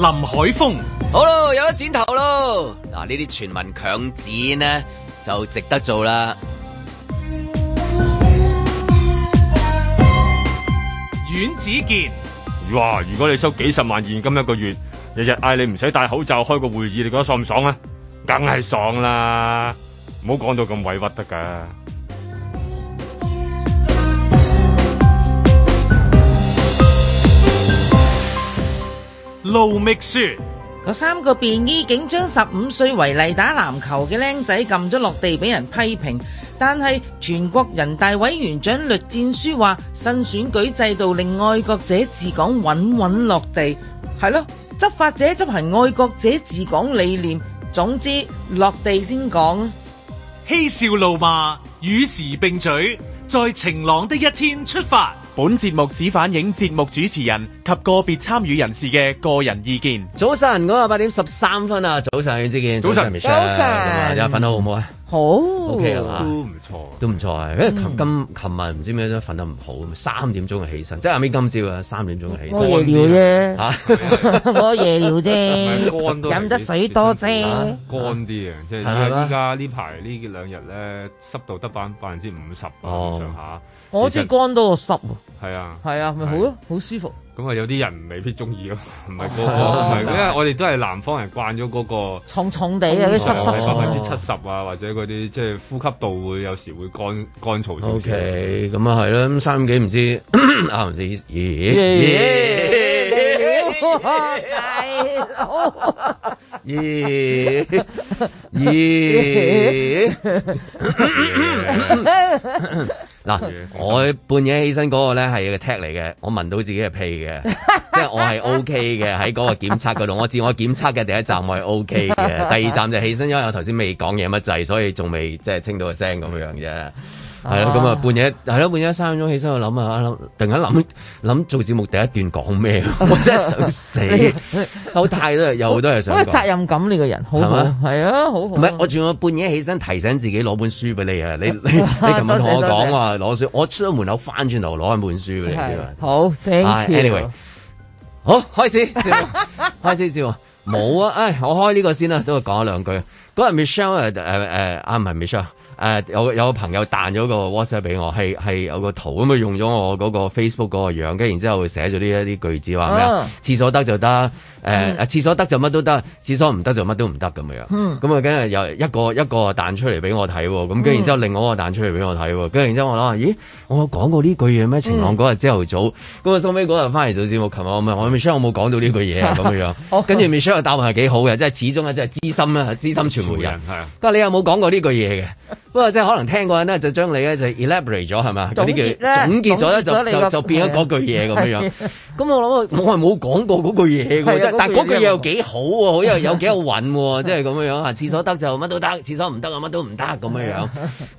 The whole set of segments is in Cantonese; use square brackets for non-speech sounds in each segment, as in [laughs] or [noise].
林海峰，好咯，有得剪頭咯。嗱，呢啲全民強剪呢，就值得做啦。阮子健，哇！如果你收幾十萬現金一個月，日日嗌你唔使戴口罩開個會議，你覺得爽唔爽啊？梗係爽啦，唔好講到咁委屈得噶。盧覓雪，嗰三個便衣警將十五歲為例打籃球嘅僆仔撳咗落地，俾人批評。但係全國人大委員長栗戰書話，新選舉制度令愛國者治港穩穩落地，係咯，執法者執行愛國者治港理念，總之落地先講。嬉笑怒罵與時並舉，在晴朗的一天出發。本節目只反映節目主持人及個別參與人士嘅個人意見。早晨，嗰個八點十三分啊！早晨，遠志堅。早晨，早晨。大家瞓得好唔好啊？好。O K 啊，都唔錯，都唔錯啊。誒，今琴日唔知咩都瞓得唔好，咁啊，三點鐘就起身。即係阿美今朝啊，三點鐘起身。夜尿啫，我夜尿啫，飲得水多啫，乾啲啊。係啊，而家呢排呢兩日咧濕度得翻百分之五十啊？上下。我好似乾多過濕喎，係啊，係啊，咪好咯，好、啊、舒服。咁 [laughs] 啊，有啲人未必中意咯，唔係嗰個，因為我哋都係南方人慣、那個，慣咗嗰個重重地有啲濕濕。百分之七十啊，或者嗰啲即係呼吸道會有時會乾乾燥少少。O K，咁啊係啦，咁三幾唔知，啊唔知咦？哦，真係， [laughs] [laughs] 二二嗱，我半夜起身嗰個咧係個 tag 嚟嘅，我聞到自己嘅屁嘅，即係我係 O K 嘅喺嗰個檢測嗰度，我自我檢測嘅第一站我係 O K 嘅，第二站就起身，因為我頭先未講嘢乜滯，所以仲未即係清到個聲咁樣啫。係啦，咁啊，半夜係啦，半夜三點鐘起身我諗下，諗，突然間諗，諗做節目第一段講咩，我真係想死，好太多，有好多嘢想講。因為責任感呢個人，好嘛，係啊，好好。唔係我仲要半夜起身提醒自己攞本書俾你啊！你你你琴日同我講話攞書，我出咗門口翻轉頭攞開本書俾你。好 anyway 好，開始，開始笑，冇啊！唉，我開呢個先啦，都講兩句。嗰日 Michelle 誒誒誒啊，唔係 Michelle。誒、uh, 有有個朋友彈咗個 WhatsApp 俾我，係係有個圖咁啊，用咗我嗰個 Facebook 嗰個樣，跟住然之後寫咗呢一啲句子話咩啊？廁所得就得，誒、uh, 誒、嗯、廁所得就乜都得，廁所唔得就乜都唔得咁嘅樣。咁啊、嗯，跟住又一個一個彈出嚟俾我睇喎，咁跟住然之後另外一個彈出嚟俾我睇喎，跟住、嗯、然之後我諗話咦，我講過呢句嘢咩？晴朗嗰日朝頭早，咁啊收尾嗰日翻嚟做節目，琴日唔係我 Michelle 冇講到呢句嘢啊？咁嘅樣， [laughs] 跟住 Michelle 嘅答案係幾好嘅，即係始終啊，即係資深啦，資深傳媒人係啊。你有冇講過呢句嘢嘅？不過即係可能聽過人咧，就將你咧就 elaborate 咗係嘛？總結總結咗咧，就就變咗嗰句嘢咁樣樣。咁我諗我係冇講過嗰句嘢喎，但係嗰句又幾好喎，因為有幾好揾喎，即係咁樣樣。廁所得就乜都得，廁所唔得啊，乜都唔得咁樣樣。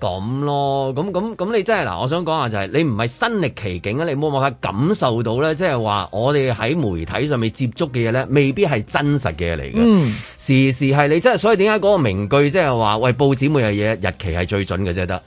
咁咯，咁咁咁，你真係嗱，我想講下就係你唔係身歷其境啊，你冇冇感受到咧？即係話我哋喺媒體上面接觸嘅嘢咧，未必係真實嘅嘢嚟嘅。時時係你真係，所以點解嗰個名句即係話，喂報紙每日嘢日期係最準嘅啫，得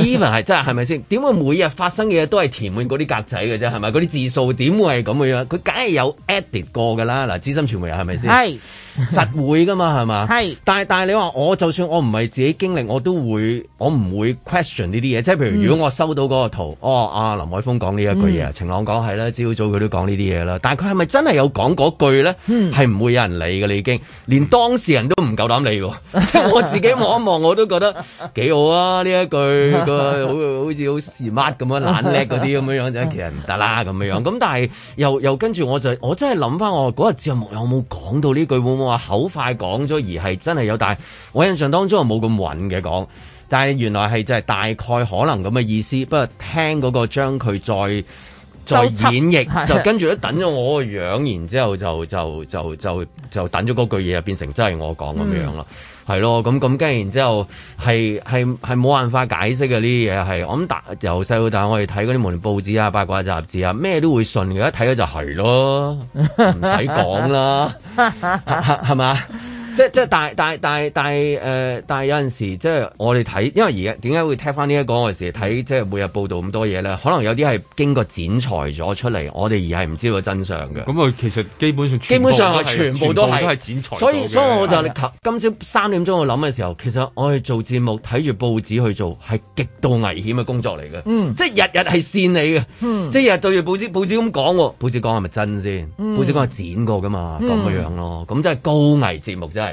even 係真係，係咪先？點會每日發生嘅嘢都係填滿嗰啲格仔嘅啫？係咪嗰啲字數怎這？點會係咁嘅樣？佢梗係有 edit 過噶啦！嗱，資深傳媒係咪先？係。 [noise] 實會㗎嘛，係嘛？係是。但係但你話我就算我唔係自己經歷，我都會我唔會 question 呢啲嘢。即係譬如，如果我收到嗰個圖，嗯、哦，阿、啊、林海峰講呢一句嘢，晴朗講係啦，朝早佢都講呢啲嘢啦。但係佢係咪真係有講嗰句咧？係唔、嗯、會有人理㗎？你已經連當事人都唔夠膽理喎。嗯、即係我自己望一望，我都覺得幾 [laughs] 好啊！呢一句個好好似好 smart 咁樣懶叻嗰啲咁樣樣，其實唔得啦咁樣樣。咁但係又又跟住我就我真係諗翻我嗰日節目有冇講到呢句話口快講咗，而係真係有，但係我印象當中又冇咁穩嘅講。但係原來係就係大概可能咁嘅意思。不過聽嗰個將佢再緝再演繹是的，就跟住咧等咗我個樣，然之後就就就就就等咗嗰句嘢，就變成真係我講咁樣咯。嗯係咯，咁咁跟然之後係係係冇辦法解釋嘅呢啲嘢係，我諗大由細到大我哋睇嗰啲無線報紙啊、八卦雜誌啊，咩都會信嘅，一睇咗就係咯，唔使講啦，係嘛？即係但係但係但係但係誒，但係、呃、有陣時即係我哋睇，因為而家點解會聽翻呢一講嘅時睇，即係每日報道咁多嘢咧？可能有啲係經過剪裁咗出嚟，我哋而係唔知道真相嘅。咁啊，其實基本上基本上係全部都係剪裁所。所以所以我就的今朝三點鐘我諗嘅時候，其實我哋做節目睇住報紙去做係極度危險嘅工作嚟嘅。嗯、即係日日係騙你嘅。天天嗯、即係日日對住報紙報紙咁講喎，報紙講係咪真先？報紙講係、嗯、剪過㗎嘛，咁嘅、嗯、樣、樣咯。咁即係高危節目真係。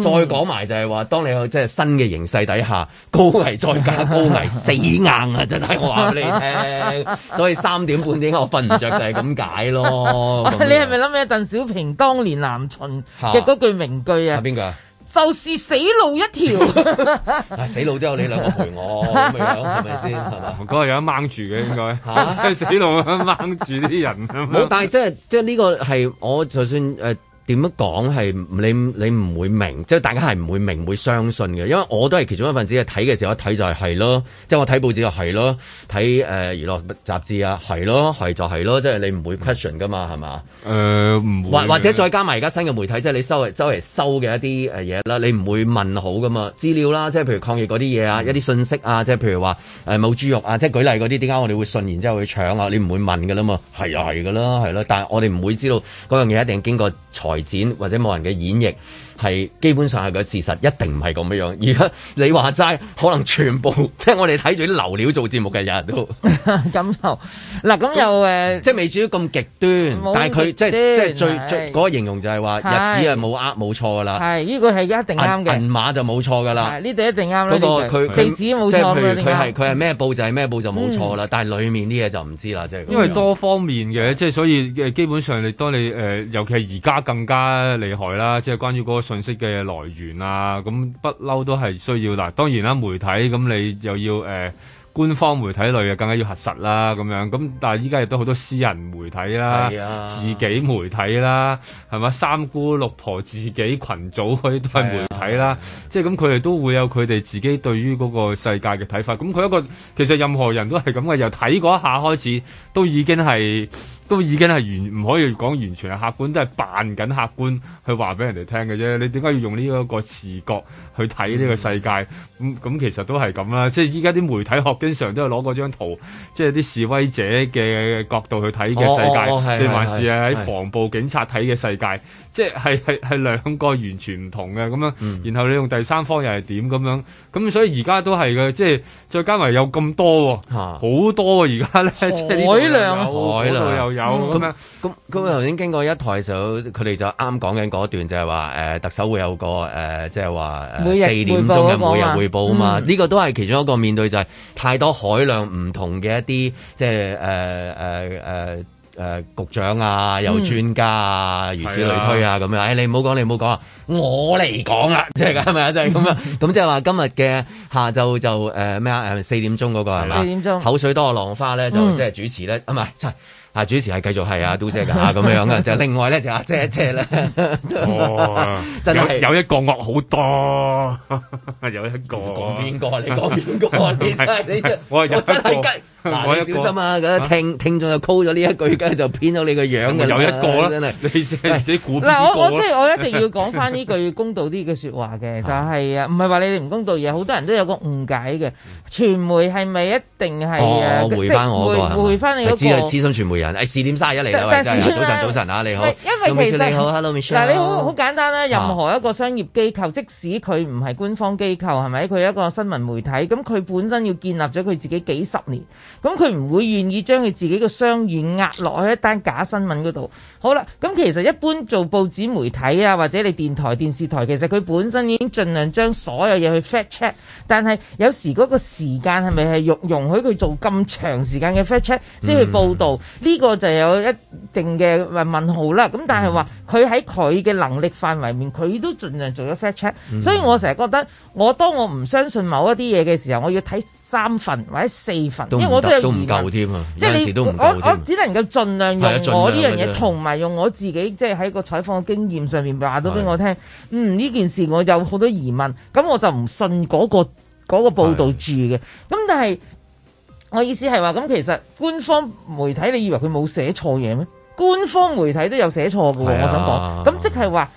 再講埋就係話，當你去即係新嘅形勢底下，高危再加高危，死硬啊！真係我話俾你聽，所以三點半點我瞓唔着就係咁解咯。你係咪諗起鄧小平當年南巡嘅嗰句名句啊？邊個？就是死路一條。死路都有你兩個陪我咁樣，係咪先？係咪？我嗰有一掹住嘅應該吓，死路掹住啲人。但係即係即係呢個係，我就算誒。點樣講係你你唔會明，即係大家係唔會明會相信嘅，因為我都係其中一份子。睇嘅時候一睇就係係咯，即係我睇報紙就係咯，睇誒、呃、娛樂雜誌啊係咯，係就係咯，即係你唔會 question 㗎嘛係嘛？誒唔、呃、會，或者再加埋而家新嘅媒體，即係你收嚟周圍收嘅一啲誒嘢啦，你唔會問好㗎嘛資料啦，即係譬如抗疫嗰啲嘢啊，一啲信息啊，即係譬如話誒冇豬肉啊，即係舉例嗰啲點解我哋會信，然之後去搶啊，你唔會問㗎啦嘛，係啊係㗎啦，係啦，但係我哋唔會知道嗰樣嘢一定經過財。展，或者冇人嘅演繹。係基本上係個事實，一定唔係咁樣樣。而家你話齋，可能全部即係我哋睇住啲流料做節目嘅，日日都咁。嗱，咁又誒，即係未至於咁極端，但係佢即係即係最最嗰個形容就係話日子係冇呃冇錯㗎啦。係呢個係一定啱嘅，銀碼就冇錯㗎啦。呢啲一定啱啦。嗰個佢地址冇錯，佢係佢係咩報就係咩報就冇錯啦。但係裡面啲嘢就唔知啦，即係因為多方面嘅，即係所以基本上你當你誒，尤其係而家更加厲害啦，即係關於嗰。信息嘅來源啊，咁不嬲都係需要嗱。當然啦，媒體，咁你又要誒、呃、官方媒體類嘅更加要核實啦，咁樣咁。但係依家亦都好多私人媒體啦，是啊、自己媒體啦，係咪？三姑六婆自己群組嗰啲都係媒體啦。是啊、即係咁，佢哋都會有佢哋自己對於嗰個世界嘅睇法。咁佢一個其實任何人都係咁嘅，由睇嗰一下開始，都已經係。都已經係完，唔可以講完全係客觀，都係扮緊客觀去話俾人哋聽嘅啫。你點解要用呢一個視角去睇呢個世界？咁咁、嗯嗯嗯、其實都係咁啦。即係依家啲媒體學經常都係攞嗰張圖，即係啲示威者嘅角度去睇嘅世界，定還、哦哦哦、是喺防暴警察睇嘅世界？哦是是是是即係係係兩個完全唔同嘅咁樣，然後你用第三方又係點咁樣？咁所以而家都係嘅，即係再加埋有咁多，喎，好多喎。而家咧，即係海量，海量又有咁、嗯、樣。咁咁頭先經過一台時候，佢哋就啱講緊嗰段就係話、呃、特首會有個誒，即係話四點鐘嘅每日匯報啊報嘛。呢、嗯、個都係其中一個面對就係太多海量唔同嘅一啲，即係誒誒誒誒、呃、局長啊，有專家啊，嗯、如此類推啊，咁、啊、樣，誒你唔好講，你唔好講啊，我嚟講啊，即係係咪啊，即係咁樣咁即係話今日嘅下晝就誒咩啊，誒、呃、四點鐘嗰、那個係嘛？四點鐘口水多過浪花咧，就即、是、係主持咧，啊唔係，即係。主持係繼續係啊嘟姐噶嚇咁樣嘅，就另外咧就阿姐姐咧，真係有一個惡好多，有一個講邊個？你講邊個你真係你我真係跟，你小心啊！咁聽聽眾就 call 咗呢一句，跟住就編咗你個樣嘅，有一個啦，真係你自己估顧。嗱，我我即係我一定要講翻呢句公道啲嘅說話嘅，就係啊，唔係話你哋唔公道，嘢好多人都有個誤解嘅。傳媒係咪一定係啊？哦、是回翻回我回翻你嗰個。知啊、那個，知心傳媒人。誒、哎，試點三一嚟，早晨，早晨啊，你好。因為其實嗱，你好 Hello, Michelle, 你好，你好簡單啦。任何一個商業機構，啊、即使佢唔係官方機構，係咪？佢一個新聞媒體，咁佢本身要建立咗佢自己幾十年，咁佢唔會願意將佢自己嘅商譽壓落去一單假新聞嗰度。好啦，咁其實一般做報紙媒體啊，或者你電台、電視台，其實佢本身已經盡量將所有嘢去 fact check，但係有時嗰、那個。時間係咪係容容許佢做咁長時間嘅 fact check 先去報導，嗯？呢個就有一定嘅問號啦。咁但係話佢喺佢嘅能力範圍面，佢都盡量做咗 fact check。所以我成日覺得，我當我唔相信某一啲嘢嘅時候，我要睇三份或者四份，因為我都有疑問。都唔夠添，即係你我我只能夠儘量用我呢樣嘢，同埋用我自己即係喺個採訪經驗上面話到俾我聽。的嗯，呢件事我有好多疑問，咁我就唔信嗰個。嗰個報導住嘅，咁是的 但係我意思係話，咁其實官方媒體，你以為佢冇寫錯嘢咩？官方媒體都有寫錯嘅喎，是的 我想講，咁即係話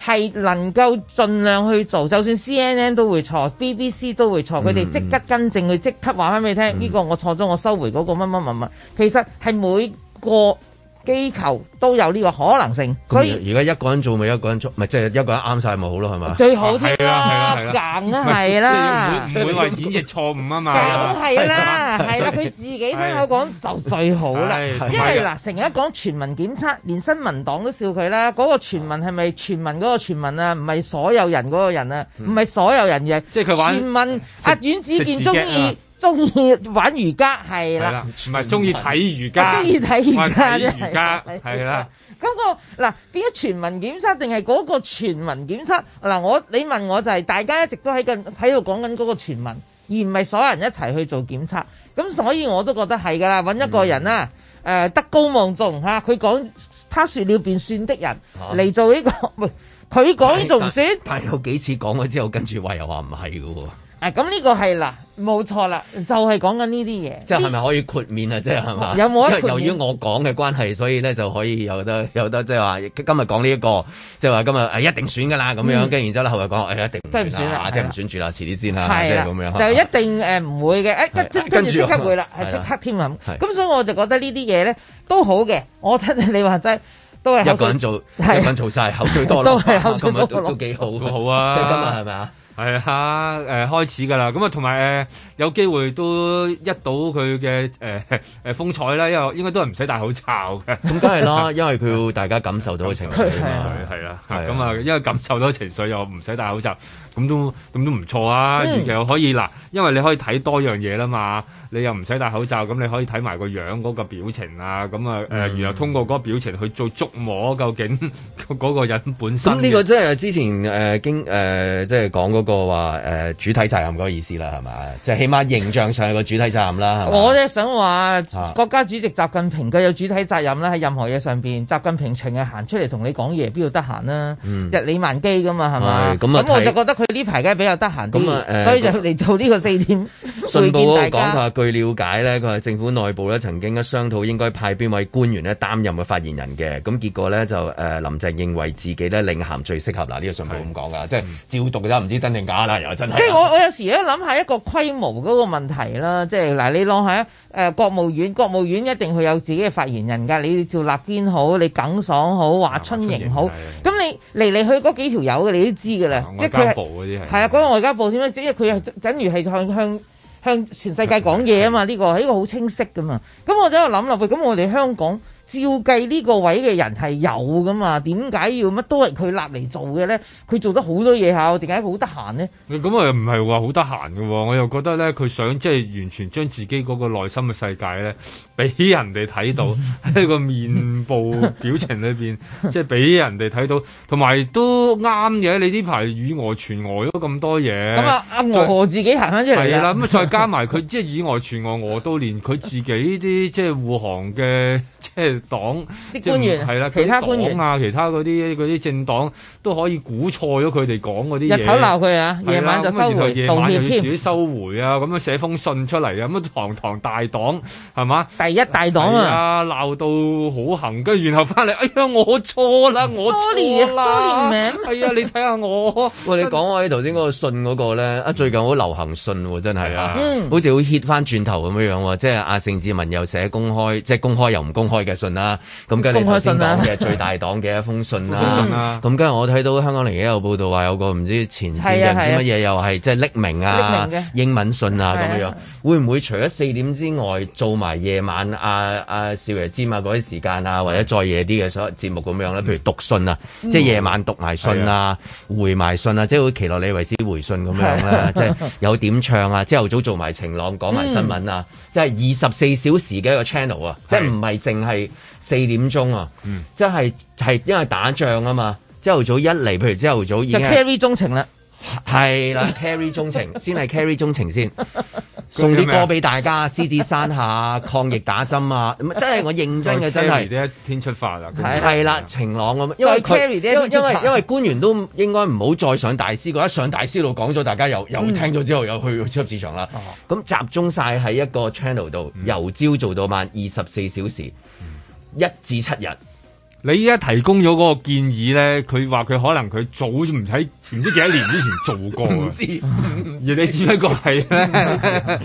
係能夠盡量去做，就算 C N N 都會錯，B B C 都會錯，佢哋即刻更正，佢即刻話翻俾你聽，呢、嗯、個我錯咗，我收回嗰個乜乜乜乜，其實係每個。機構都有呢個可能性，所以而家一個人做咪一個人做，咪即係一個人啱晒咪好咯，係嘛？最好聽啦，梗係啦，唔會話演繹錯誤啊嘛，梗係啦，係啦，佢自己聽我講就最好啦，因為嗱成日講全民檢測，連新聞黨都笑佢啦，嗰個全民係咪全民嗰個全民啊？唔係所有人嗰個人啊，唔係所有人嘅，即係佢話全民阿遠志健中意。中意玩瑜伽係啦，唔係中意睇瑜伽，中意睇瑜伽真係，睇瑜伽係啦。咁個嗱，邊一全民檢測定係嗰個全民檢測嗱、啊？我你問我就係、是、大家一直都喺度講緊嗰個全民，而唔係所有人一齊去做檢測。咁所以我都覺得係㗎啦，揾一個人啦，誒德、嗯呃、高望重嚇，佢、啊、講他，他說了便算的人嚟、啊、做呢個，佢講完仲唔算？但有幾次講咗之後，跟住話又話唔係嘅喎。咁呢個係喇，冇錯啦，就係講緊呢啲嘢。即係咪可以豁免啊？即係係嘛？有冇？由於我講嘅關係，所以咧就可以有得有得，即係話今日講呢一個，即係話今日一定選噶啦咁樣。跟住然之後呢，後嚟講一定唔選啦，即係唔選住啦，遲啲先啦，咁樣。就一定誒唔會嘅，誒跟住即刻會啦，即刻添咁。所以我就覺得呢啲嘢咧都好嘅。我睇你話齋都係一個人做，一個人做晒口水多都都幾好，好啊，即係今日係咪啊？係啊，誒、呃、開始噶啦，咁啊同埋誒有機、呃、會都一睹佢嘅誒誒風采啦，因為應該都係唔使戴口罩嘅，咁梗係啦， [laughs] 因為佢要大家感受到情緒嘛，係啦，咁啊，啊，啊、嗯、因為感受到情緒又唔使戴口罩，咁都咁都唔錯啊，尤其、嗯、可以嗱，因為你可以睇多樣嘢啦嘛，你又唔使戴口罩，咁你可以睇埋個樣嗰個表情啊，咁啊誒，然後、嗯呃、通過嗰個表情去做觸摸究竟嗰個人本身、嗯，咁呢個即係之前誒、呃、經誒、呃、即係講嗰個。個話誒主體責任嗰個意思啦，係咪？即、就、係、是、起碼形象上個主體責任啦。是吧，我咧想話國家主席習近平佢有主體責任啦，喺任何嘢上邊，習近平成日行出嚟，同你講嘢，邊度得閒啦？嗯、日理萬機噶嘛，係咪？咁我就覺得佢呢排梗係比較得閒啲，嗯嗯、所以就嚟做呢個四點、嗯。會見 信報我講下， [laughs] 據了解呢，佢係政府內部咧曾經一商討應該派邊位官員呢擔任個發言人嘅，咁結果呢，就誒、呃、林鄭認為自己呢，領銜最適合嗱，呢、這個信報咁講噶，是即係照讀咋，唔知正假啦，又真係。即係我我有時咧諗下一個規模嗰個問題啦，即係嗱，你諗下誒，國務院，國務院一定佢有自己嘅發言人噶，你趙立堅好，你耿爽好，華春瑩好，咁、嗯、你嚟嚟的去嗰幾條友，你都知噶啦，即係佢係係啊，講外交部添啦，即佢係、那個、等於係向向向全世界講嘢啊嘛，呢 [laughs] 的、這個係一、這個好清晰噶嘛。咁我喺度諗落去，咁我哋香港。照計呢個位嘅人係有㗎嘛，點解要乜都係佢立嚟做嘅咧？佢做得好多嘢吓，我點解好得閒咧？咁啊，唔係話好得閒嘅喎，我又覺得咧，佢想即係、就是、完全將自己嗰個內心嘅世界咧，俾人哋睇到喺 [laughs] 個面部表情裏邊， [laughs] 即係俾人哋睇到。同埋都啱嘅，你呢排以訛傳訛咗咁多嘢。咁啊，阿我再自己行翻出嚟啦。係啦，咁啊，再加埋佢 [laughs] 即係以訛傳訛，我都連佢自己啲即係護航嘅即係。黨啲官員係啦，其他官員啊，其他嗰啲啲政黨都可以估錯咗佢哋講嗰啲嘢。日頭鬧佢啊，夜晚就收回道歉自己收回啊，咁樣寫封信出嚟啊，咁堂堂大黨係嘛？第一大黨啊，鬧到好狠，跟住然後翻嚟，哎呀，我錯啦，我錯名。係啊，你睇下我。喂，你講我喺頭先嗰個信嗰個咧，啊最近好流行信喎，真係啊，好似好 hit 翻轉頭咁樣樣，即係阿盛志文又寫公開，即係公開又唔公開嘅信。啦，咁跟你頭先講嘅最大黨嘅一封信啦，咁跟住我睇到香港01有報道話有個唔知前線嘅唔知乜嘢，又係即係匿名啊英文信啊咁樣，會唔會除咗四點之外，做埋夜晚阿阿少爺尖啊嗰啲時間啊，或者再夜啲嘅所有節目咁樣咧？譬如讀信啊，即係夜晚讀埋信啊，回埋信啊，即係好似奇洛李維斯回信咁樣咧，即係有點唱啊，朝頭早做埋晴朗講埋新聞啊，即係二十四小時嘅一個 channel 啊，即係唔係淨係。四點鐘啊，嗯，即係係因為打仗啊嘛，朝頭早一嚟，譬如朝頭早已經 carry 中情啦，係啦，carry 中情，先係 carry 中情先，送啲歌俾大家，獅子山下，抗疫打針啊，真係我認真嘅，真係。c 一天出發啊，係啦，晴朗咁，因為 carry 啲因為因為官員都應該唔好再上大師，一上大師就講咗，大家又又聽咗之後又去出市場啦，咁集中晒喺一個 channel 度，由朝做到晚，二十四小時。一至七日，你依家提供咗嗰建議咧，佢話佢可能佢早唔使。唔知幾多年以前做過知。而你只不過係咧，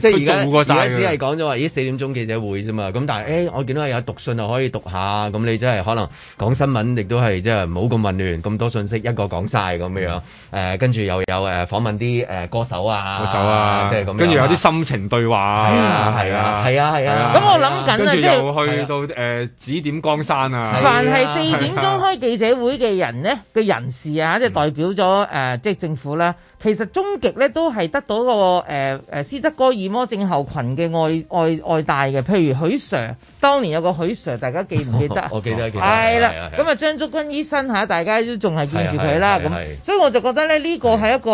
即係而家只係講咗話，依四點鐘記者會啫嘛。咁但係，誒我見到有讀信啊，可以讀下。咁你真係可能講新聞，亦都係即係唔好咁混亂，咁多信息一個講晒。咁樣。誒，跟住又有誒訪問啲誒歌手啊，歌手啊，即係咁。跟住有啲心情對話，係啊，係啊，係啊，係啊。咁我諗緊啊，即係去到誒指點江山啊。凡係四點鐘開記者會嘅人咧，嘅人士啊，即係代表。到咗誒，即係政府啦。其實終極咧都係得到個誒誒、呃、斯德哥爾摩症候群嘅愛愛愛戴嘅。譬如許 Sir，當年有個許 Sir，大家記唔記得？ [laughs] 我記得，記得。係啦了，咁啊，啊張竹君醫生嚇，大家都仲係見住佢啦。咁、啊，所以我就覺得咧，呢、這個係一個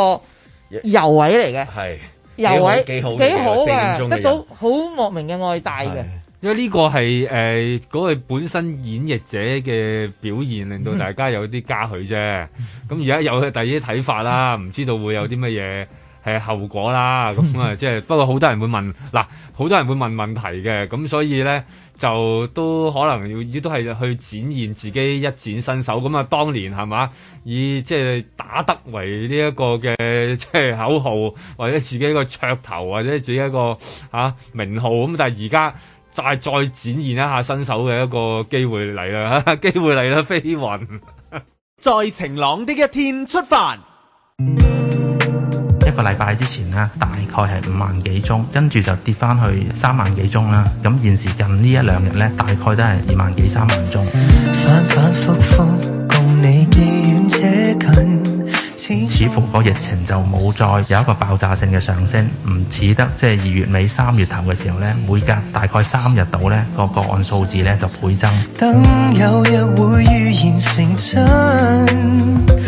油位嚟嘅，油位、啊啊、幾好嘅，幾好幾好，得到好莫名嘅愛戴嘅。因為呢個係誒嗰個本身演繹者嘅表現，令到大家有啲嘉許啫。咁而家有第二啲睇法啦，唔知道會有啲乜嘢係後果啦。咁啊、即係，即係、嗯、不過好多人會問，嗱，好多人會問問題嘅。咁所以咧，就都可能要亦都係去展現自己一展身手。咁啊，當年係嘛，以即係、即係、打得為呢一個嘅即係口號，或者自己一個噱頭，或者自己一個啊名號。咁但係而家。就係再展現一下身手嘅一個機會嚟啦，機會嚟啦，飛雲。在 [laughs] 晴朗的一天出發，一個禮拜之前咧，大概係五萬幾宗，跟住就跌翻去三萬幾宗啦。咁現時近一兩呢一兩日呢，大概都係二萬幾三萬宗。反反覆覆，共你幾遠且近。似乎個疫情就冇再有一個爆炸性嘅上升，唔似得即係二月尾三月頭嘅時候咧，每隔大概三日度咧，個個案數字咧就倍增。等有日會預言成真。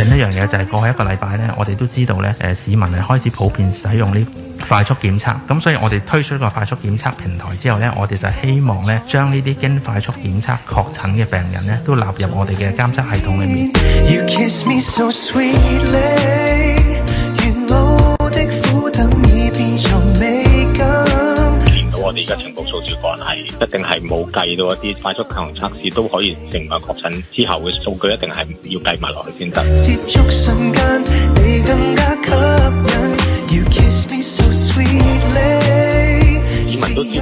另一樣嘢就係、是、過去一個禮拜咧，我哋都知道咧，誒市民係開始普遍使用呢。快速檢測，咁所以我哋推出個快速檢測平台之後呢，我哋就希望呢將呢啲經快速檢測確診嘅病人呢都納入我哋嘅監測系統裡面。You kiss me so sweet, you know 呢個情報數字講係，一定係冇計到一啲快速抗原測試都可以定係確診之後嘅數據，一定係要計埋落去先得。接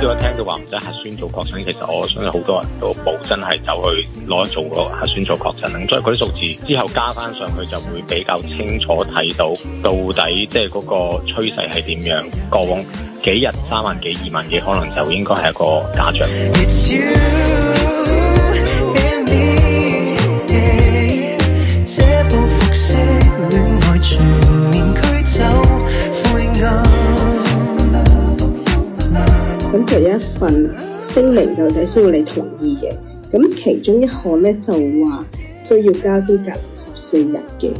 我聽到話唔使核酸做確診，其實我相信好多人都冇真係就去攞做核酸做確診。咁所以啲數字之後加翻上去，就會比較清楚睇到到底即係嗰個趨勢係點樣。過往幾日三萬幾、二萬幾，可能就應該係一個假象。咁就有一份聲明，就係需要你同意嘅。咁其中一項呢，就話需要家居隔離十四日嘅。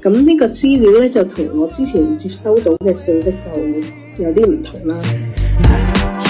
咁呢個資料呢，就同我之前接收到嘅訊息就有啲唔同啦。 [music]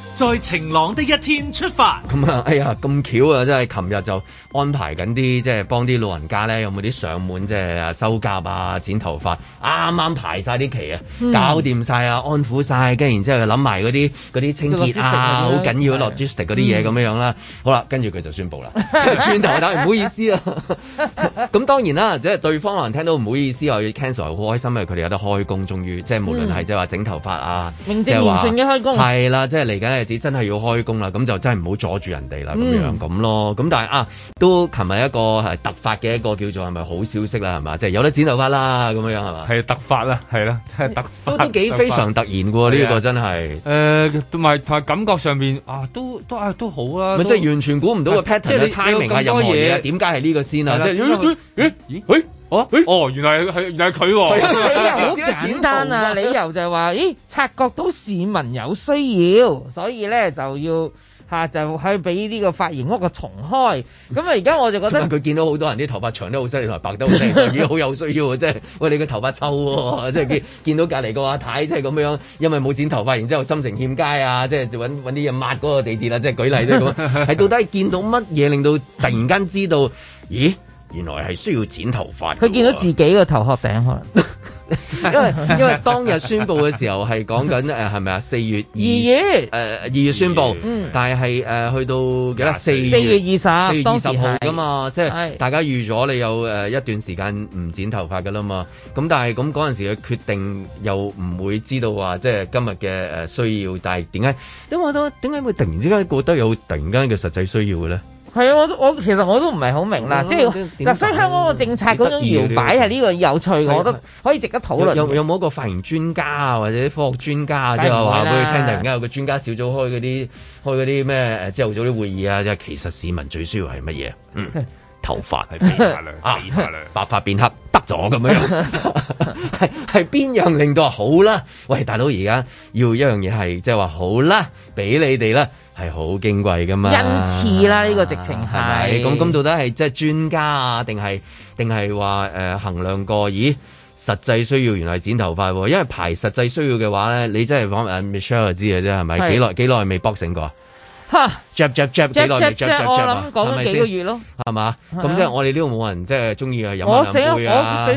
在晴朗的一天出發，咁啊，哎呀，咁巧啊，即係琴日就安排緊啲，即係幫啲老人家咧，有冇啲上門即係修甲啊、剪頭髮，啱啱排晒啲期啊，搞掂晒啊，安撫晒。跟住然之後諗埋嗰啲嗰啲清潔啊，好緊要嘅 logistic 嗰啲嘢咁樣樣啦。好啦，跟住佢就宣佈啦，轉頭突然唔好意思啊。咁當然啦，即係對方可能聽到唔好意思又要 cancel，好開心啊！佢哋有得開工，終於即係無論係即係話整頭髮啊，名正言順嘅開工，係啦，即係嚟緊你真係要開工啦，咁就真係唔好阻住人哋啦，咁樣咁咯。咁但係啊，都琴日一個係突發嘅一個叫做係咪好消息啦，係嘛，即係有得剪頭髮啦，咁樣樣係嘛。係突發啦，係啦，係突發都都幾非常突然噶喎，呢個真係。誒，同埋同埋感覺上面啊，都都啊都好啦，咪即係完全估唔到個 pattern，即係你 i 唔明係任何嘢，點解係呢個先啊？啊欸、哦，原來係原來係佢喎，好 [laughs] 簡單啊！ [laughs] 理由就係、是、話，咦，察覺到市民有需要，所以咧就要、啊、就去俾呢個髮型屋個重開。咁啊，而家我就覺得佢見到好多人啲頭髮長得好犀利，同埋白得好犀利，好有需要即真係，喂、 [laughs] 就是，你個頭髮臭喎，即係 [laughs] 見見到隔離個阿太，即係咁樣，因為冇剪頭髮，然之後心情欠佳啊，即係就搵啲嘢抹嗰個地鐵啦即係舉例啫。咁、就、係、是、 [laughs] 到底係見到乜嘢令到突然間知道？咦？原來係需要剪頭髮，佢見到自己個頭殼頂可能， [laughs] 因為 [laughs] 因為當日宣布嘅時候係講緊誒係咪啊四月二月二月誒二月宣布，二月嗯、但係誒、呃、去到幾多四月四月二十四月二十號噶嘛，即係係大家預咗你有誒一段時間唔剪頭髮噶啦嘛，咁但係咁嗰陣時嘅決定又唔會知道話即係今日嘅誒需要，但係點解？咁我都點解會突然之間覺得有突然間嘅實際需要嘅咧？係啊，我都我其實我都唔係好明啦，嗯、即係嗱，所以香港個政策嗰種搖擺係呢個有趣，有趣我覺得可以值得討論。有有冇一個發言專家或者科學專家啊，即係話去聽突然間有個專家小組開嗰啲開嗰啲咩，即係朝早啲會議啊，即係其實市民最需要係乜嘢？是嗯，頭髮係變白變白白髮變黑得咗咁樣，係係邊樣令到話好啦？喂，大佬而家要一樣嘢係即係話好啦，俾你哋啦。係好矜貴噶嘛？因此啦，呢個直情係咪？咁咁到底係，即係專家啊？定係定係話誒衡量過？咦，實際需要原來係剪頭髮，因為排實際需要嘅話咧，你真係講埋 Michelle 知嘅啫，係咪？幾耐幾耐未卜醒過？吓 jap jap jap 幾耐未 jap jap jump 咗幾個月咯，係嘛？咁即係我哋呢度冇人即係中意去飲下飲杯啊。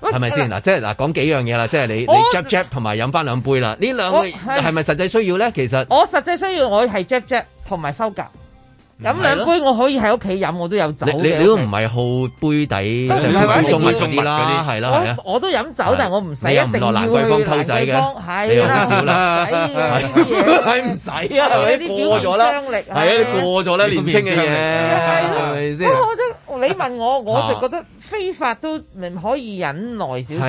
係咪先嗱？即係嗱，講幾樣嘢啦，即係你我你 jab jab 同埋飲翻兩杯啦。呢兩個係咪實際需要咧？其實我，我實際需要我係 jab jab 同埋修甲。飲兩杯我可以喺屋企飲，我都有酒，你你都唔係好杯底，就唔係中物嗰啲係啦。我都飲酒，但係我唔使一定。蘭桂坊偷仔嘅，係啦，唔使，唔使啊，係咪？過咗啦，係啊，過咗啦，年輕嘅嘢，係咪先？不過都你問我，我就覺得非法都可以忍耐少少。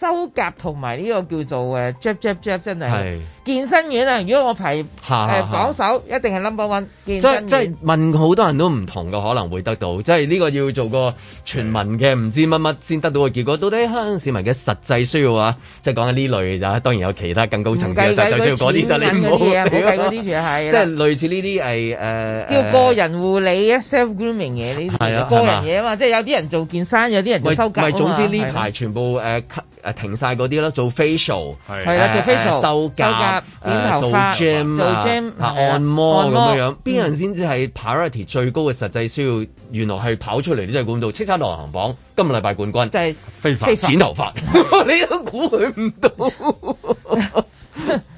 收甲同埋呢個叫做誒 jab jab jab 真係健身院啊！如果我排誒榜首，一定係 number one 健身院。即即問好多人都唔同嘅，可能會得到，即係呢個要做個全民嘅，唔知乜乜先得到嘅結果。到底香港市民嘅實際需要啊？即係講緊呢類就當然有其他更高層次嘅，就算要嗰啲就你唔好計嗰啲住係，即係類似呢啲係誒叫個人護理 self grooming 嘢呢啲個人嘢啊嘛，即係有啲人做健身，有啲人做收甲，總之呢排全部誒。誒停晒嗰啲咯，做 facial 係啦，做 facial 修甲、剪頭髮、做 gym 啊、按摩咁樣，邊人先至係 priority 最高嘅實際需要？原來係跑出嚟，呢隻管道，到，叱咤流行榜今日禮拜冠軍，即係 facial、剪頭髮，你都估佢唔到。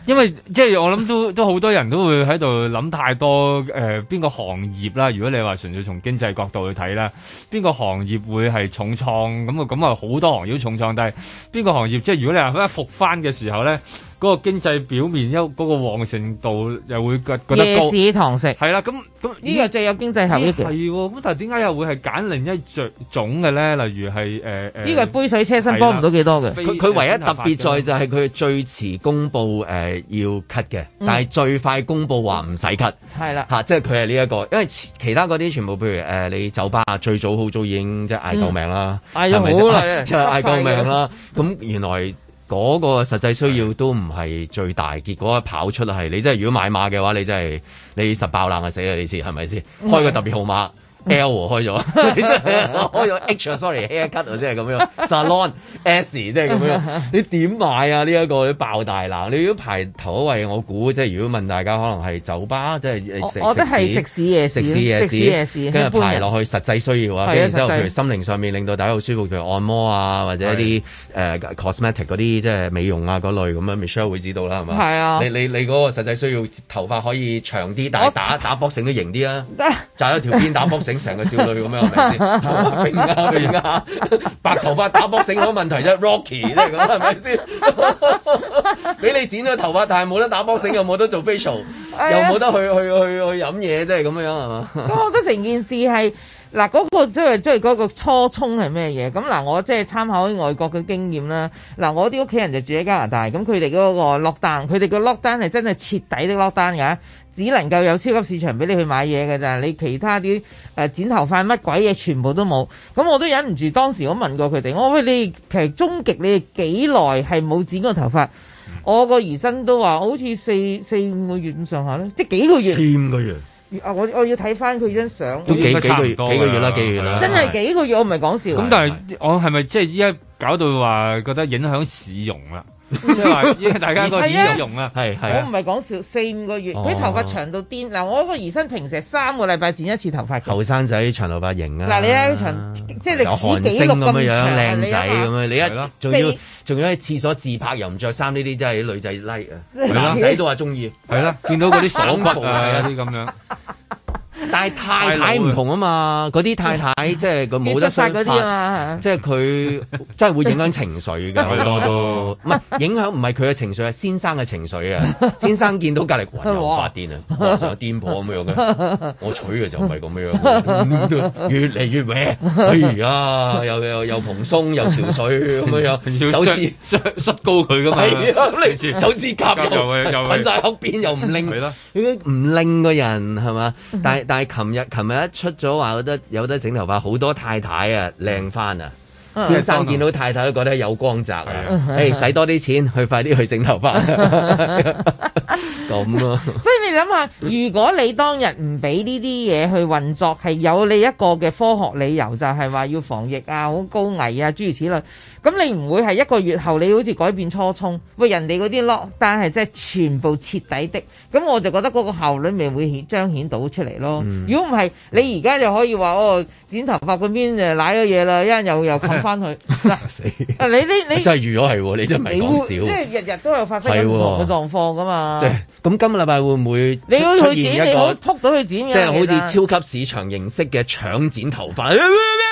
因為即係、就是、我諗都都好多人都會喺度諗太多誒，邊、呃、個行業啦？如果你話純粹從經濟角度去睇啦，邊個行業會係重創咁啊？咁啊好多行業都重創，但係邊個行業即係如果你話佢一復翻嘅時候咧？嗰個經濟表面嗰個旺盛度又會覺得高。夜市堂食係啦，咁咁呢個最有經濟效益。係喎，咁但係點解又會係揀另一種嘅咧？例如係誒呢個杯水車薪幫唔到幾多嘅。佢唯一特別在就係佢最遲公布誒要 cut 嘅，但係最快公布話唔使 cut。係啦，嚇，即係佢係呢一個，因為其他嗰啲全部，譬如誒你酒吧啊，最早好早已經即係嗌救命啦，嗌咗好耐，即係嗌救命啦。咁原來。嗰個實際需要都唔係最大，是的 結果跑出係你真係如果買馬嘅話，你真係你實爆冷啊死啦！你知係咪先？是是是的 開個特別號碼。L 喎開咗，開咗 H，sorry，haircut 即係咁樣，salon S 即係咁樣，你點買啊？呢一個爆大冷，你要排頭一位，我估即係如果問大家，可能係酒吧，即係食食嘢。食嘢食嘢。跟住排落去實際需要啊，然之後譬如心靈上面令到大家好舒服，譬如按摩啊，或者一啲誒 cosmetic 嗰啲即係美容啊嗰類咁樣，Michelle 會知道啦，係嘛？係啊，你你你嗰個實際需要頭髮可以長啲，但係打打 boxing 都型啲啊，紮咗條辮打 boxing。成個少女咁樣係咪先？變牙變牙，白頭髮打波醒咗問題啫。 [laughs] Rocky 都係咁，係咪先？俾你剪咗頭髮，但係冇得打波醒， [laughs] 又冇得做 facial，又冇得去 [laughs] 去去去飲嘢，真係咁樣係嘛？ [laughs] 我覺得成件事係嗱，嗰、嗰個即係即係嗰個初衷係咩嘢？咁嗱，我即係參考啲外國嘅經驗啦。嗱，我啲屋企人就住喺加拿大，咁佢哋嗰個 lock down 佢哋個 lock down 係真係徹底的 lock down 噶。只能夠有超級市場俾你去買嘢㗎咋，你其他啲誒、呃、剪頭髮乜鬼嘢全部都冇。咁我都忍唔住，當時我問過佢哋，我話你其實終極你幾耐係冇剪過頭髮？嗯、我個餘生都話好似四四五個月咁上下咧，即幾個月，千個月。月我我要睇翻佢張相，都幾幾個月，幾個月啦，幾個月啦，的真係幾個月，我唔係講笑。咁的但係我係咪即係依家搞到話覺得影響市容啦？即係大家個耳用啊，係係。我唔係講笑，四五個月，佢頭髮長到癲。嗱，我個兒身平時三個禮拜剪一次頭髮，後生仔長頭髮型啊。嗱，你睇長，即係你自己咁樣，靚仔咁啊！你一仲要仲要喺廁所自拍，又唔着衫，呢啲真係女仔 like 啊，男仔都話中意。係啦，見到嗰啲爽服啊，嗰啲咁樣。但係太太唔同啊嘛，嗰啲太太即係佢冇得釋發，即係佢真係會影響情緒嘅多都。唔係影響唔係佢嘅情緒，係先生嘅情緒啊！先生見到隔離雲又發癲啊，成日癲婆咁樣嘅。我娶嘅就唔係咁樣，越嚟越歪。哎呀，又又又蓬鬆又潮水咁樣手指摔高佢㗎嘛？手指甲又瞓曬口邊，又唔拎，唔拎個人係嘛？但但琴日琴日一出咗話，覺得有得整頭髮，好多太太啊靚翻啊！先生見到太太都覺得有光澤啊，誒、啊，使多啲錢去快啲去整頭髮，咁 [laughs] [laughs] 樣啊！所以你諗下，如果你當日唔俾呢啲嘢，去運作，係有你一個嘅科學理由，就係、是、話要防疫啊，好高危啊，諸如此類。咁你唔會係一個月後，你好似改變初衷，喂人哋嗰啲咯，但係即係全部徹底的，咁我就覺得嗰個效率咪會顯彰顯到出嚟咯。如果唔係，你而家就可以話、哦、剪頭髮嗰邊誒瀨咗嘢啦，一陣又又撳翻佢，哎、呀但死！你你你就係預咗係，你真係唔係講笑，即係日日都有發生唔同嘅狀況噶嘛。即係咁，就係、今會會個禮拜會唔會你去剪？你可撲到去剪即係好似超級市場形式嘅搶剪頭髮。實 [laughs]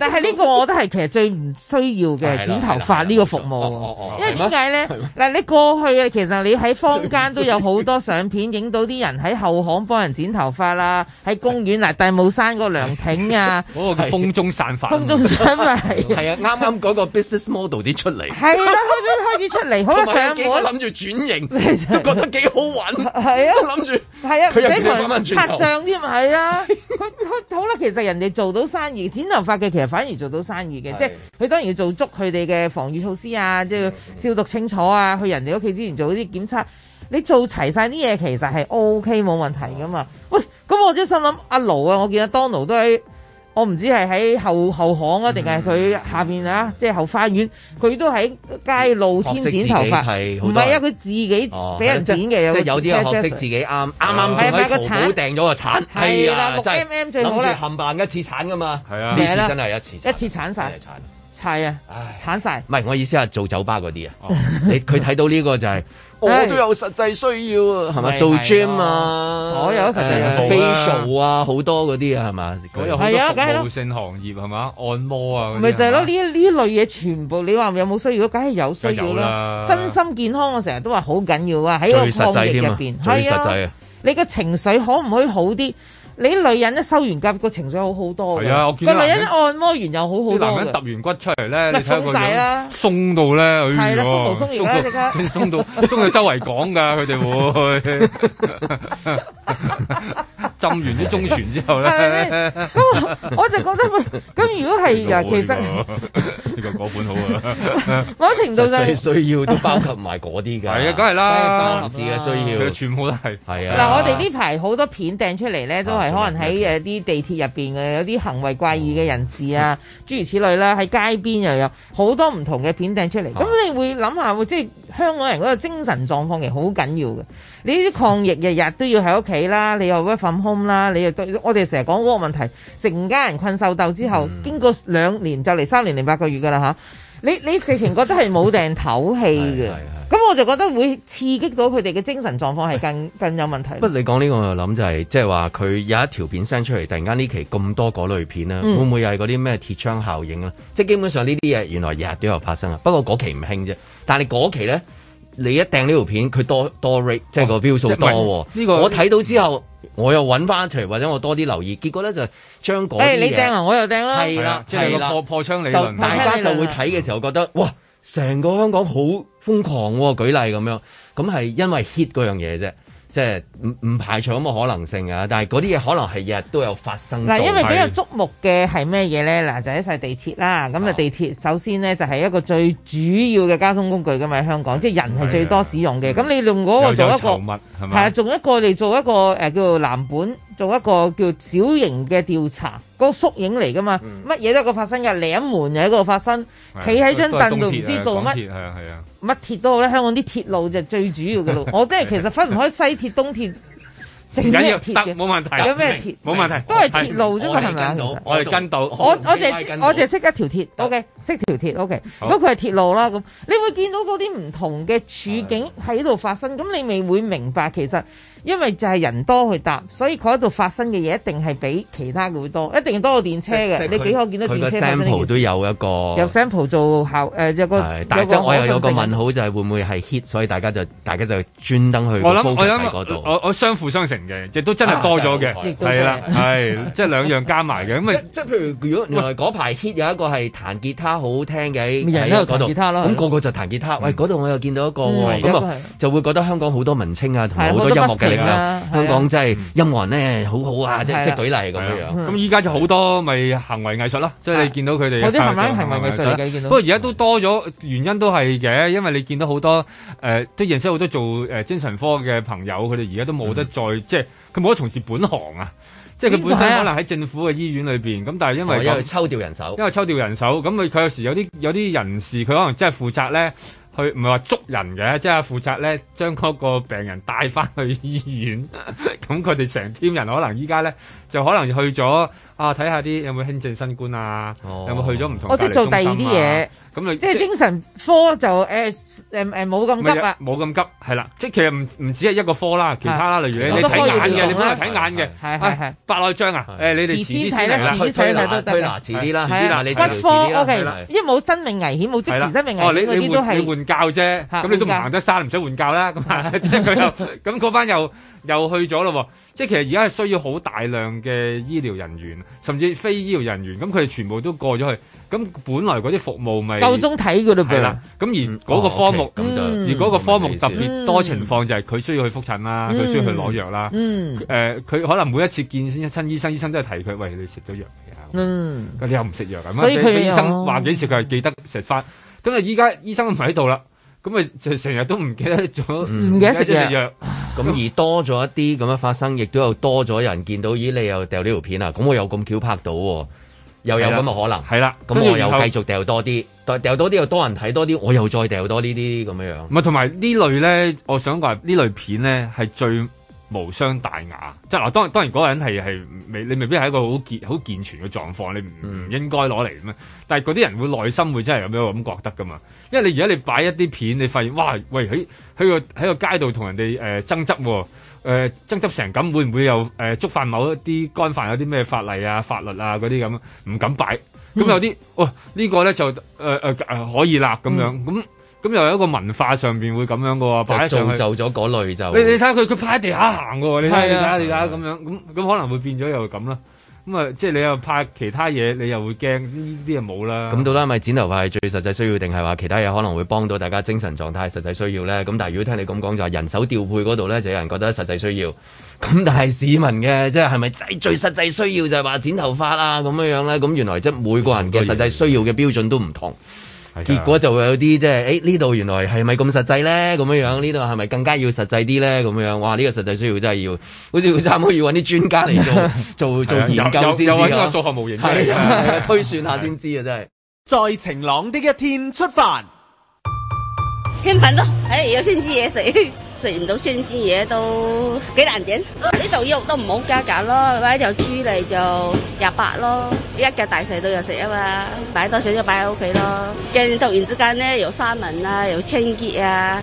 但係呢個我都係其實最唔需要嘅剪頭髮呢個服務，因為點解咧？嗱，你過去啊其實你喺坊間都有好多相片，影到啲人喺後巷幫人剪頭髮啦，喺公園嗱大帽山個涼亭啊，嗰個風中散發，風中散發，係啊，啱啱嗰個 business model 啲出嚟，係啦，開始開始出嚟，好啦，上門我諗住轉型，都覺得幾好玩，係啊，諗住係啊，而且佢拍相添，係啊，好啦，其實人哋做，啊、做，做到生意剪頭髮嘅其實。反而做到生意嘅，是即係佢當然要做足佢哋嘅防禦措施啊，即係消毒清楚啊，去人哋屋企之前做嗰啲檢測，你做齊晒啲嘢其實係 OK 冇問題噶嘛。喂，咁我真係心諗阿盧啊，我見阿 Donald 都喺。我唔知係喺後後巷啊，定係佢下邊啊，即係後花園，佢都喺街露天剪頭髮，唔係啊，佢自己俾人剪嘅，即係有啲學識自己啱啱啱仲喺淘寶訂咗個鏟，係啊，六 M M 最好啦，諗住冚唪唥一次鏟噶嘛，係啊，呢次真係一次一次鏟曬，鏟係啊，鏟曬，唔係我意思係做酒吧嗰啲啊，你佢睇到呢個就係。我都有實際需要啊，係嘛？做 gym 啊，我有成日 facial 啊，好多嗰啲啊，係嘛？我有好多服務性行業係嘛？按摩啊，咪就係咯，呢呢類嘢全部你話有冇需要？梗係有需要啦！身心健康我成日都話好緊要啊，喺個行業入邊係啊，你嘅情緒可唔可以好啲？你啲女人咧，收完骨個情緒好好多係啊，我見個女人按摩完又好好多。男人揼完骨出嚟咧，鬆晒啦，鬆到咧，係啦，無鬆而家鬆到鬆到周圍講㗎，佢哋會浸完啲中旋之後咧，咁 [laughs] 我就覺得咁如果係啊， [laughs] 好其實呢、這個嗰、這個、本好啊， [laughs] 某程度上、就是，最需要都包括埋嗰啲嘅，係啊，梗係啦，大士嘅需要，啊、全部都係係啊。嗱、啊，啊、我哋呢排好多片掟出嚟咧，都係可能喺啲地鐵入面嘅有啲行為怪異嘅人士啊，嗯、諸如此類啦，喺街邊又有好多唔同嘅片掟出嚟。咁、啊、你會諗下，即係香港人嗰個精神狀況其實好緊要嘅。你啲抗疫日日都要喺屋企啦，你又 work from home 啦，你又對我哋成日講嗰個問題，成家人困獸鬥之後，嗯、經過兩年就嚟三年零八個月噶啦吓，你你直情覺得係冇掟唞氣嘅，咁 [laughs] 我就覺得會刺激到佢哋嘅精神狀況係更是更有問題。不過你講呢、呢個我諗就係即係話佢有一條片 send 出嚟，突然間呢期咁多嗰類片啦，會唔會又係嗰啲咩鐵窗效應啊？嗯、即基本上呢啲嘢原來日日都有發生啊。不過嗰期唔興啫，但係嗰期咧。你一掟呢條片，佢多多 rate，、哦、即係、哦這個標數多喎。我睇到之後，我又揾翻出嚟，或者我多啲留意。結果咧就將嗰啲嘢，你掟啊，我又掟啦。係啦了，係啦了，有破了破窗理論，就論大家就會睇嘅時候覺得，哇！成個香港好瘋狂喎、哦。舉例咁樣，咁係因為 hit 嗰樣嘢啫。即係唔唔排除咁嘅可能性啊，但係嗰啲嘢可能係日日都有發生。嗱，因為比較矚目嘅係咩嘢咧？嗱，就喺、是、晒地鐵啦。咁啊，地鐵首先咧就係一個最主要嘅交通工具噶嘛，香港即係人係最多使用嘅。咁的你用嗰個做一個係啊，做一個嚟做一個誒、呃、叫做藍本。做一個叫小型嘅調查，個縮影嚟㗎嘛？乜嘢都喺度發生嘅，一門又喺度發生，企喺張凳度唔知做乜。乜鐵都好咧，香港啲鐵路就最主要嘅路。我即係其實分唔開西鐵、東鐵、整咩鐵嘅，冇問題。有咩鐵？冇問題，都係鐵路啫嘛。我係跟到，我我淨係知，我淨係識一條鐵。O K，識條鐵。O K，如果佢係鐵路啦。咁你會見到嗰啲唔同嘅處境喺度發生，咁你咪會明白其實。因為就係人多去搭，所以佢喺度發生嘅嘢一定係比其他嘅會多，一定多過電車嘅。你幾可見到電車嘅？佢個 sample 都有一個，有 sample 做效誒有個。但即我又有個問號，就係會唔會係 hit？所以大家就大家就專登去。我我我相輔相成嘅，亦都真係多咗嘅，係啦，係即兩樣加埋嘅。咁即係譬如如果原來嗰排 hit 有一個係彈吉他好好聽嘅喺嗰度，彈吉他啦。咁個個就彈吉他。喂，嗰度我又見到一個喎，咁啊就會覺得香港好多文青啊，同好多音樂嘅。啦！香港真係音樂咧，好好啊！即即舉例咁樣樣。咁依家就好多咪行為藝術咯。即係你見到佢哋有啲行為藝術，不過而家都多咗，原因都係嘅，因為你見到好多誒，即認識好多做誒精神科嘅朋友，佢哋而家都冇得再即係佢冇得從事本行啊。即係佢本身可能喺政府嘅醫院裏邊咁，但係因為抽調人手，因為抽調人手咁佢佢有時有啲有啲人士，佢可能真係負責咧。佢唔係話捉人嘅，即係負責咧將嗰個病人帶翻去醫院。咁佢哋成 team 人可能依家咧。就可能去咗啊，睇下啲有冇輕症新冠啊，有冇去咗唔同我即係做第二啲嘢，咁啊即係精神科就誒誒誒冇咁急啦，冇咁急係啦，即係其實唔唔止係一個科啦，其他啦，例如你睇眼嘅，你本來睇眼嘅，係係係，白內障啊，誒你哋遲啲睇啦，遲啲睇都得啦，遲啲啦，骨科 OK，因為冇生命危險，冇即時生命危險，哦你你換教啫，咁你都唔行得山，唔使換教啦，咁啊即係佢又咁嗰班又。又去咗咯，即係其實而家係需要好大量嘅醫療人員，甚至非醫療人員，咁佢哋全部都過咗去。咁本來嗰啲服務咪夠鐘睇佢咯，係啦。咁而嗰個科目咁就，嗯、而嗰個科目特別多情況就係佢需要去覆診啦，佢、嗯、需要去攞藥啦。誒、嗯，佢、呃、可能每一次見一親醫生，醫生都係提佢，喂，你食咗藥未啊？嗯，佢又唔食藥咁所以醫生話幾時佢係記得食翻。咁啊，依家醫生唔喺度啦。咁咪就成日都唔記得咗，唔、嗯、記得食藥。咁 [laughs] 而多咗一啲咁樣發生，亦都有多咗人見到，咦？你又掉呢條片啊？咁我又咁巧拍到，哦，又有咁嘅可能。係啦，咁我又繼續掉多啲，掉掉後多啲又多人睇多啲，我又再掉多呢啲咁樣樣。咪同埋呢類咧，我想話呢類片咧係最。無傷大雅，即係嗱，當然當然嗰個人係係未，你未必係一個好健好健全嘅狀況，你唔應該攞嚟咩？但係嗰啲人會內心會真係咁樣咁覺得噶嘛？因為你而家你擺一啲片，你發現哇，喂，喺喺個喺個街道同人哋誒爭執，誒、呃、爭執成咁，會唔會又誒、呃、觸犯某一啲干犯有啲咩法例啊、法律啊嗰啲咁，唔敢擺。咁有啲，哇、嗯，這個、呢個咧就誒、呃呃呃、可以啦，咁樣咁。嗯嗯咁又有一個文化上面會咁樣嘅喎，就造就咗嗰類就你你睇下佢佢趴喺地下行嘅喎，你睇下你睇下咁樣咁咁可能會變咗又咁啦。咁啊，即係你又怕其他嘢，你又會驚呢啲嘢冇啦。咁到底係咪剪頭髮係最實際需要，定係話其他嘢可能會幫到大家精神狀態實際需要咧？咁但係如果聽你咁講就係人手調配嗰度咧，就有人覺得實際需要。咁但係市民嘅即係係咪最實際需要就係話剪頭髮啊咁樣樣咧？咁原來即係每個人嘅實際需要嘅標準都唔同。結果就會有啲即係，誒呢度原來係咪咁實際咧？咁樣樣呢度係咪更加要實際啲咧？咁樣哇呢、這個實際需要真係要，好似三哥要搵啲專家嚟做 [laughs] 做做研究先知啊！ [laughs] 有有有數學模型，推算下先知啊！真係，在晴朗的一天出發，興奮咯誒有先知嘢食。 [laughs] 食唔到新鮮嘢都幾難點，呢度肉都唔好價格咯，買一條豬嚟，就廿八咯，一家大細都有食啊嘛，擺多少就擺喺屋企咯。跟住突然之間咧，又三文啊，又清潔啊。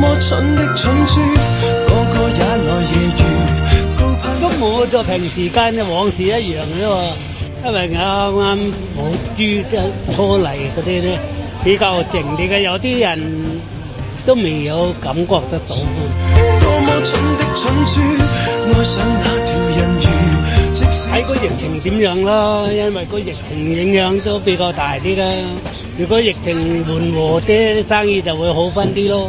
咁我就平時間嘅往事一樣啫，因為啱啱冇豬初嚟嗰啲咧比較靜啲嘅，有啲人都未有感覺得到。睇個疫情點樣啦？因為個疫情影響都比較大啲啦。如果疫情緩和啲，生意就會好翻啲咯。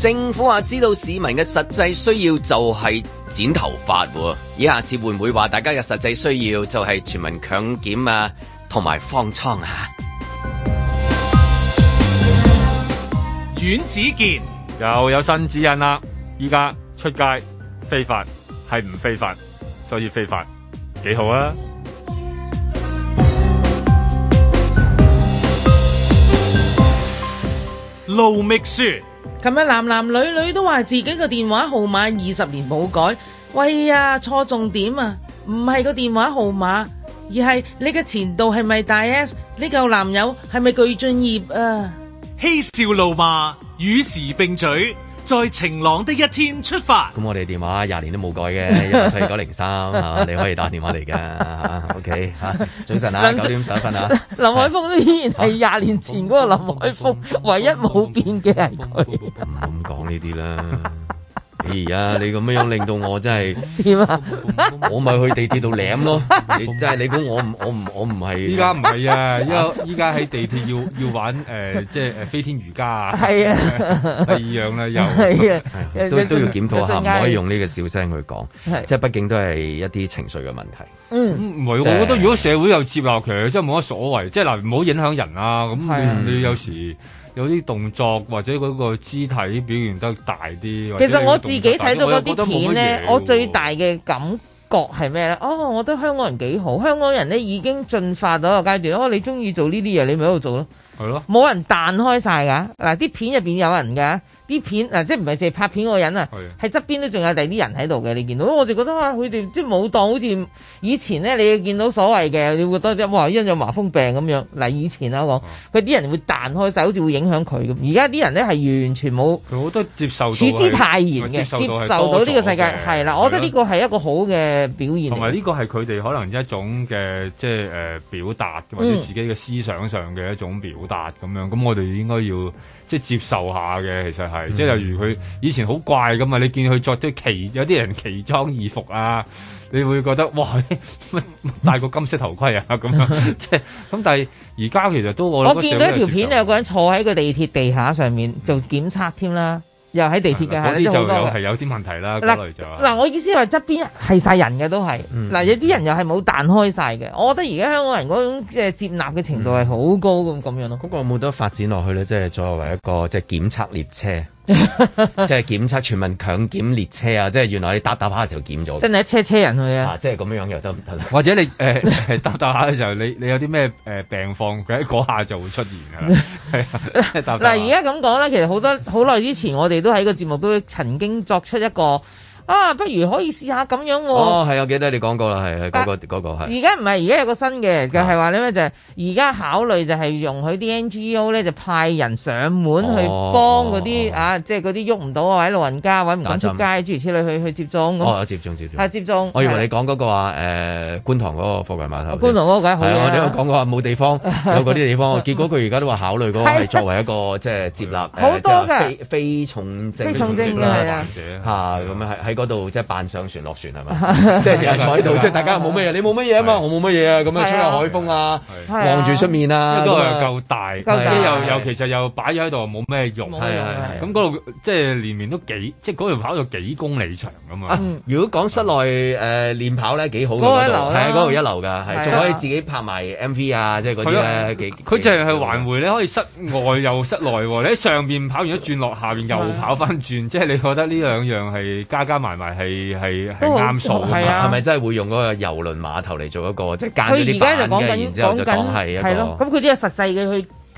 政府話知道市民嘅實際需要就係剪頭髮，以下次會唔會話大家嘅實際需要就係全民強檢啊，同埋方艙啊？阮子健又有新指引啦，依家出街非法係唔非法？所以非法幾好啊？盧覓雪。琴日，男男女女都話自己個電話號碼二十年冇改，喂呀，錯重點啊，唔係個電話號碼，而係你嘅前度係咪大 S？你舊男友係咪具俊曄啊？嬉笑怒罵與時並舉。在晴朗的一天出發。咁我哋電話廿年都冇改嘅，一八七九零三嚇，你可以打電話嚟㗎。O K 嚇，早晨啊，九點十一分啊。林海峰都依然係廿年前嗰個林海峰，唯一冇變嘅係佢。唔好咁講呢啲啦。而家、哎、你咁樣樣令到我真係，我咪去地鐵度舐咯。你真係你估我唔我唔我唔係？依家唔係啊！依家依家喺地鐵要要玩誒，即係誒飛天瑜伽啊！係 [laughs] 啊，第二樣啦又係啊，都都要檢討下，唔可以用呢個小聲去講，即係畢竟都係一啲情緒嘅問題。嗯，唔係、就是，我覺得如果社會有接納佢，即係冇乜所謂，即係嗱，唔好影響人啊。咁你、啊、你有時。有啲動作或者嗰個肢體表現得大啲，大其實我自己睇到嗰啲片咧，我最大嘅感覺係咩咧？哦，我覺得香港人幾好，香港人咧已經進化到一個階段。哦，你中意做呢啲嘢，你咪喺度做咯。係咯，冇 [music] 人彈開晒㗎。嗱，啲片入面有人㗎，啲片、啊、即唔係淨係拍片嗰個人啊？係喺側邊都仲有第啲人喺度嘅，你見到我就覺得啊，佢哋即係冇當好似以前咧，你見到所謂嘅，你會覺得即係哇因有麻風病咁樣。嗱，以前我講，佢啲的人會彈開晒，好似會影響佢咁。而家啲人咧係完全冇，好多接受處之泰然嘅，接受到呢個世界係啦的。我覺得呢個係一個好嘅表現的，同埋呢個係佢哋可能一種嘅即係表達，或者自己嘅思想上嘅一種表。嗯咁樣，咁我哋應該要即係接受下嘅，其實係即係例如佢以前好怪咁啊！你見佢着啲奇，有啲人奇裝異服啊，你會覺得哇，戴個金色頭盔啊咁樣， [laughs] 即係咁。但係而家其實都我見到一條片，有個人坐喺個地鐵地下上面做檢測添啦。又喺地鐵嘅，呢好多嘅，係有啲問題啦。嗱那、就是，我意思話側邊係晒人嘅都係，嗱、嗯、有啲人又係冇彈開晒嘅。嗯、我覺得而家香港人嗰種即係接納嘅程度係好高咁咁、嗯、樣咯。嗰個有冇得發展落去咧？即、就、係、是、作為一個即係、就是、檢測列車。 [laughs] 即係檢測全民強檢列車啊！即係原來你搭搭下嘅時候檢咗，真係一車車人去啊！啊即係咁樣樣又得唔得？或者你誒、呃，搭搭下嘅時候，你你有啲咩誒病況，佢喺嗰下就會出現噶啦。係 [laughs] 啊，嗱，而家咁講咧，其實好多好耐之前，我哋都喺個節目都曾經作出一個。啊，不如可以試下咁樣喎。哦，係，我記得你講過啦，係係嗰個嗰個係。而家唔係，而家有個新嘅，就係話你咩就係，而家考慮就係用佢啲 NGO 咧，就派人上門去幫嗰啲啊，即係嗰啲喐唔到啊，喺老人家或者唔敢出街諸如此類，去去接種哦，接種接種。接種。我以為你講嗰個話誒，觀塘嗰個貨櫃碼頭。觀塘嗰個梗係好。我哋都講過冇地方，有嗰啲地方，結果佢而家都話考慮嗰個係作為一個即係接納，好多嘅非重症。非重症啊。咁啊，喺嗰度即係扮上船落船係嘛？即係其實坐喺度，即係大家冇乜嘢，你冇乜嘢啊嘛？我冇乜嘢啊？咁樣吹下海風啊，望住出面啦。嗰度又夠大，啲又又其實又擺咗喺度冇咩用。咁嗰度即係連年都幾，即係嗰度跑到幾公里長㗎嘛。如果講室內誒練跑咧幾好，嗰度係嗰度一流㗎，仲可以自己拍埋 MV 啊，即係嗰啲咧。佢就係去環回你可以室外又室內喎。你喺上面跑完咗轉落下面又跑翻轉，即係你覺得呢兩樣係加加埋。係咪係係係啱數，係咪真係會用嗰個遊輪碼頭嚟做一個即係間嗰啲擺嘅？就是、一些板子，然之後就講係一個咯，咁佢啲係實際嘅去。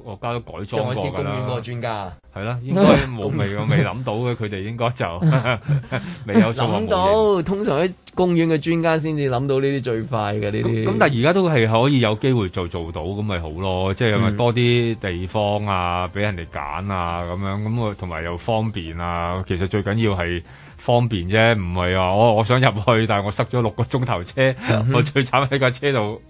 國家都改裝過公園專家係啦，應該冇未？ [laughs] 我未諗到嘅。佢哋應該就未 [laughs] [laughs] 有諗信 到。通常喺公園嘅專家先至諗到呢啲最快嘅呢啲。咁但而家都係可以有機會做做到，咁咪好咯。即、就、係、是、多啲地方啊，俾、嗯、人哋揀啊，咁樣咁啊，同埋又方便啊。其實最緊要係方便啫，唔係啊我我想入去，但係我塞咗六個鐘頭車，嗯、我最慘喺架車度。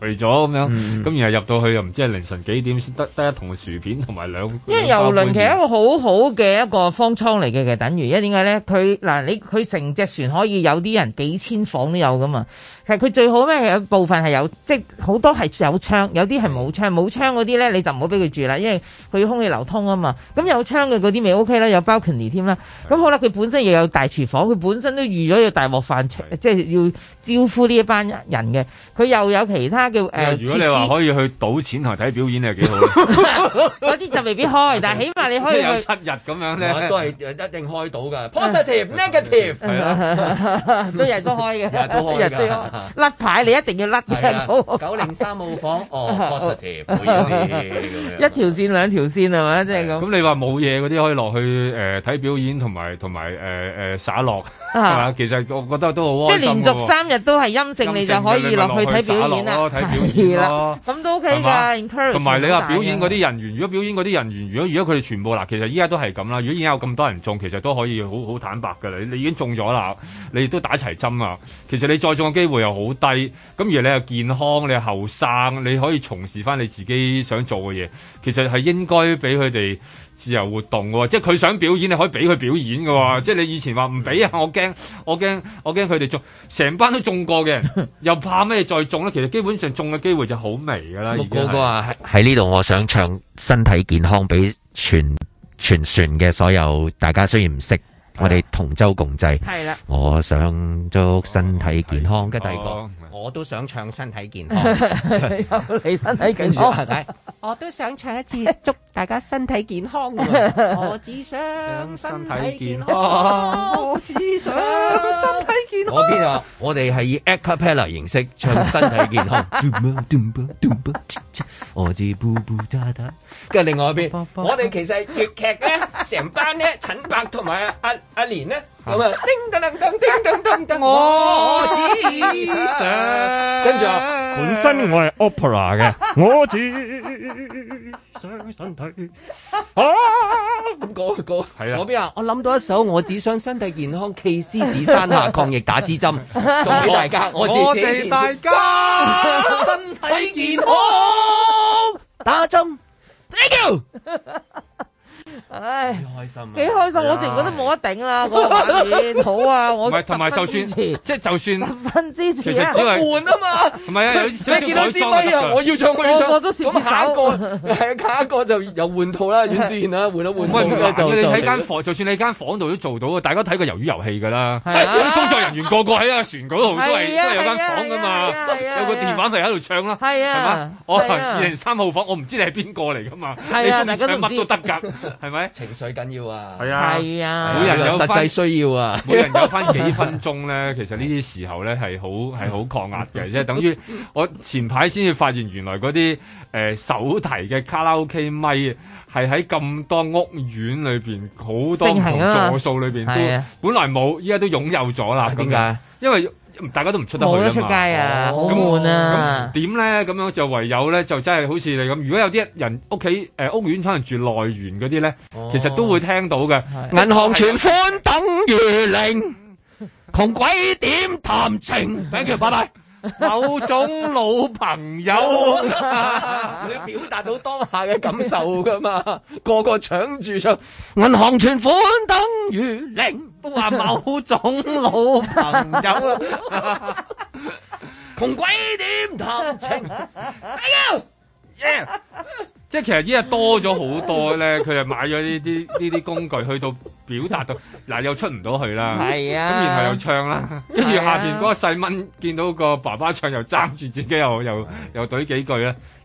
呆咗咁樣，咁然後入到去又唔知係凌晨幾點先得得一桶薯片同埋兩。兩兩因為遊輪其實一個好好嘅一個方艙嚟嘅，嘅等於，因為點解咧？佢嗱、呃、你佢成隻船可以有啲人幾千房都有噶嘛。其實佢最好咧係有部分係有，即好多係有窗，有啲係冇窗。冇窗嗰啲咧你就唔好俾佢住啦，因為佢要空氣流通啊嘛。咁有窗嘅嗰啲咪 OK 啦，有 balcony 添啦。咁的好啦，佢本身又有大廚房，佢本身都預咗要大鑊飯，的即係要招呼呢一班人嘅。佢又有其他叫誒。呃、如果你話可以去賭錢同睇表演，你係幾好？嗰啲就未必開，但係起碼你可以去有七日咁樣咧，我都係一定開到嘅。 [laughs] Positive negative 都日都開嘅， [laughs] 日都開 [laughs] 甩牌你一定要甩九零三號房哦，positive，一條線兩條線係咪？即係咁。咁你話冇嘢嗰啲可以落去誒睇表演，同埋同埋誒誒耍樂係其實我覺得都好即係連續三日都係陰性，你就可以落去睇表演啊。係啦，咁都 OK 噶，同埋你話表演嗰啲人員，如果表演嗰啲人員，如果如果佢哋全部嗱，其實依家都係咁啦。如果依家有咁多人中，其實都可以好好坦白噶啦。你已經中咗啦，你都打齊針啊。其實你再中嘅機會好低，咁如你又健康，你後生，你可以從事翻你自己想做嘅嘢。其實係應該俾佢哋自由活動嘅，即係佢想表演，你可以俾佢表演嘅。嗯、即係你以前話唔俾啊，我驚，我驚，我驚佢哋中，成班都中過嘅， [laughs] 又怕咩再中呢？其實基本上中嘅機會就好微噶啦。果有個啊，喺呢度我想唱身體健康俾全，全全船嘅所有大家，雖然唔識。我哋同舟共濟，係啦。我想祝身體健康。跟住第二個。我都想唱身體健康，你身體健康係咪？我都想唱一次祝大家身體健康。我只想身體健康，我只想身體健康。我邊啊？我哋係以 a cappella 形式唱身體健康。我自布布扎打。跟住另外一邊，我哋其實粵劇咧，成班咧，陳伯同埋阿阿連咧。咁啊！叮噹噹噹叮噹噹噹，我只想跟住啊！本身我係 opera 嘅，我只想身體。啊！咁講啊講，係啊，講邊啊？我諗到一首，我只想身體健康，獅子山下抗疫打支針，送俾大家，我哋大家身體健康，打針，thank you。唉，幾開心啊！幾開心，我自然覺得冇得頂啦。好啊，我唔係同埋，就算即係就算十分支持其實只係換啊嘛。唔咪啊，有見到我威啊，我要唱，我我我都少首。係啊，下一個就又換套啦，阮志炎啦，換一換套。唔係唔喺間房，就算你間房度都做到嘅。大家睇過《魷魚遊戲》噶啦，工作人員個個喺阿船度都係都係有間房噶嘛，有個電話係喺度唱啦，係嘛，我二零三號房，我唔知你係邊個嚟噶嘛，你中意唱乜都得噶。係咪情緒緊要啊？係啊，係啊，每人有實際需要啊，每人有翻幾分鐘咧， [laughs] 其實呢啲時候咧係好係好抗壓嘅，即係 [laughs] 等於我前排先至發現原來嗰啲誒手提嘅卡拉 O、OK、K 咪係喺咁多屋苑裏面，好多唔同座數裏邊都、啊、本來冇，依家都擁有咗啦。點解？因為大家都唔出得去啊嘛，冇得出街啊，嘛啊好悶啊！點咧、嗯？咁、嗯嗯、樣，樣就唯有咧，就真係好似你咁。如果有啲人屋企誒屋苑可能住內園嗰啲咧，哦、其實都會聽到嘅。的銀行存款等於零， [laughs] 窮鬼點談情？第一句就拜拜。 [laughs] 某種老朋友，佢 [laughs] 表達到當下嘅感受噶嘛？ [laughs] 個個搶住唱，銀 [laughs] 行存款等於零都話 [laughs] 某種老朋友啊，窮 [laughs] [laughs] 鬼點談情？ [laughs] 哎即係其實依家多咗好多咧，佢就買咗呢啲呢啲工具，去到表達到嗱、啊、又出唔到去啦，係啊，咁然後又唱啦，跟住下邊嗰細蚊見到個爸爸唱又爭住自己又又又懟幾句啦。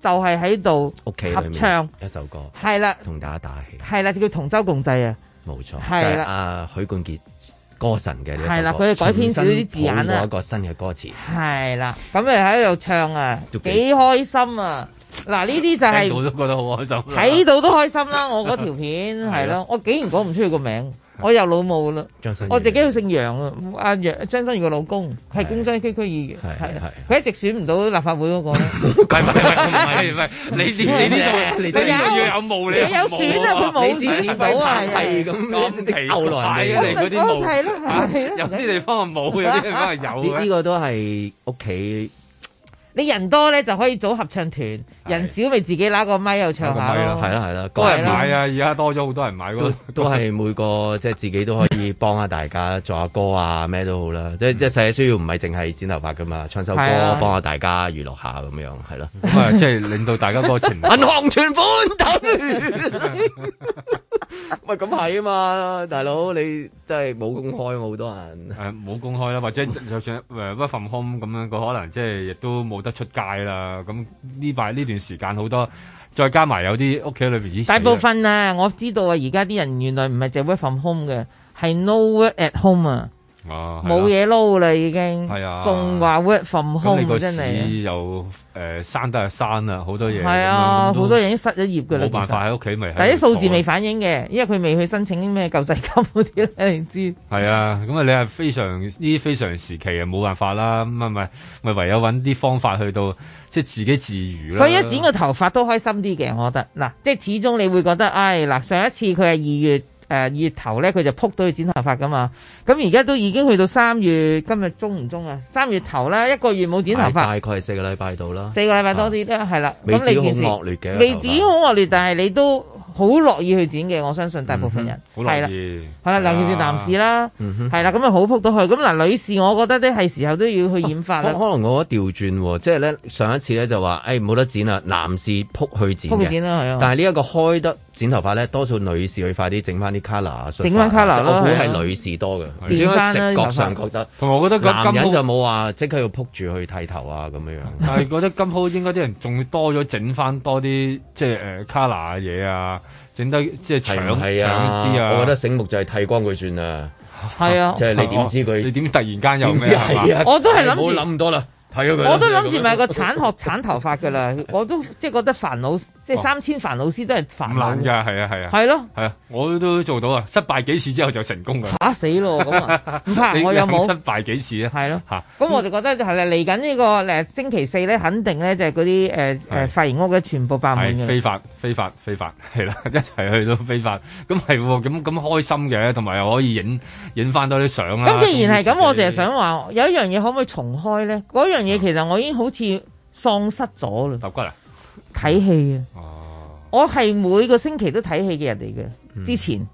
就係喺度合唱一首歌，係啦，同大家打氣，係啦，叫同舟共濟啊，冇錯，係啦。阿許冠傑歌神嘅係啦，佢哋改編少啲字眼啦，一個新嘅歌詞，係啦，咁咪喺度唱啊，幾開心啊！嗱，呢啲就係我都覺得好開心，喺度都開心啦。我嗰條片係咯，我竟然講唔出佢個名。我又老母啦，我自己都姓楊啊，阿楊張新如個老公係公西區區議員，係係，佢一直選唔到立法會嗰個咧。唔係唔係唔係，你先你呢個嚟，仲要有冇你冇啊？你有選啊佢冇啊？係咁，啲後來嚟嗰啲冇，係咯係咯，有啲地方係冇，有啲地方係有嘅。呢個都係屋企。你人多咧就可以組合唱團，人少咪自己攞個咪又唱下。係啦係啦，多人買啊！而家多咗好多人買喎，都係每個即係自己都可以幫下大家做下歌啊，咩都好啦。即係即係世界需要唔係淨係剪頭髮噶嘛，唱首歌幫下大家娛樂下咁樣係啦。咁啊，即係令到大家個錢。銀行存款等。 [laughs] 喂，咁係啊嘛，大佬，你真係冇公開，好多人、嗯。誒，冇公開啦， [laughs] 或者就算誒、uh, work from home 咁樣，個可能即係亦都冇得出街啦。咁呢排呢段時間好多，再加埋有啲屋企裏面。大部分啊，我知道啊，而家啲人原來唔係只 work from home 嘅，係 no work at home 啊。冇嘢撈啦，已經，係啊，仲話 work from home 嘅真係，又誒，生得係山啊好多嘢，係啊，好、呃、多嘢、啊嗯、已經失咗業噶啦，冇辦法喺屋企咪，第一啲數字未反映嘅，因為佢未去申請咩救濟金嗰啲， [laughs] 你知。係啊，咁啊，你係非常呢啲非常時期啊，冇辦法啦，咁咪咪唯有揾啲方法去到即係自己自娛。所以一剪個頭髮都開心啲嘅，我覺得嗱、啊，即係始終你會覺得，唉、哎、嗱，上一次佢係二月。誒月頭咧，佢就撲到去剪頭髮噶嘛。咁而家都已經去到三月，今日中唔中啊？三月頭啦，一個月冇剪頭髮，大概係四個禮拜到啦，四個禮拜多啲咧，係啦。未剪好惡劣嘅，未剪好惡劣，但係你都好樂意去剪嘅。我相信大部分人係啦，係啦，尤其是男士啦，係啦，咁啊好撲到去。咁嗱，女士，我覺得咧係時候都要去染髮啦。可能我覺得調轉喎，即係咧上一次咧就話誒冇得剪啦，男士撲去剪嘅，撲去剪啦，係啦，但係呢一個開得。剪頭髮咧，多數女士去快啲整翻啲 colour，整翻 colour 啦。係女士多嘅，只係直覺上覺得。我覺得男人就冇話即刻要撲住去剃頭啊咁樣樣。但係覺得金鋪應該啲人仲多咗整翻多啲，即係卡 colour 嘅嘢啊，整得即係長啲啊。我覺得醒目就係剃光佢算啦。係啊，即係你點知佢？你點突然間有咩？係我都係諗住冇多啦。我都諗住咪個鏟殼鏟頭髮噶啦，我都即係覺得煩惱，即係三千煩惱絲都係煩噶，係啊係啊，係咯，係啊，我都做到啊，失敗幾次之後就成功噶，嚇死咯咁啊，我有冇？失敗幾次啊？係咯，吓，咁我就覺得係嚟緊呢個誒星期四咧，肯定咧就係嗰啲誒誒髮型屋嘅全部爆滿，非法非法非法，係啦，一齊去都非法，咁係咁咁開心嘅，同埋又可以影影翻多啲相。咁既然係咁，我淨係想話有一樣嘢可唔可以重開咧？樣。樣嘢其實我已經好似喪失咗啦，習慣啊，睇戲啊，我係每個星期都睇戲嘅人嚟嘅。之前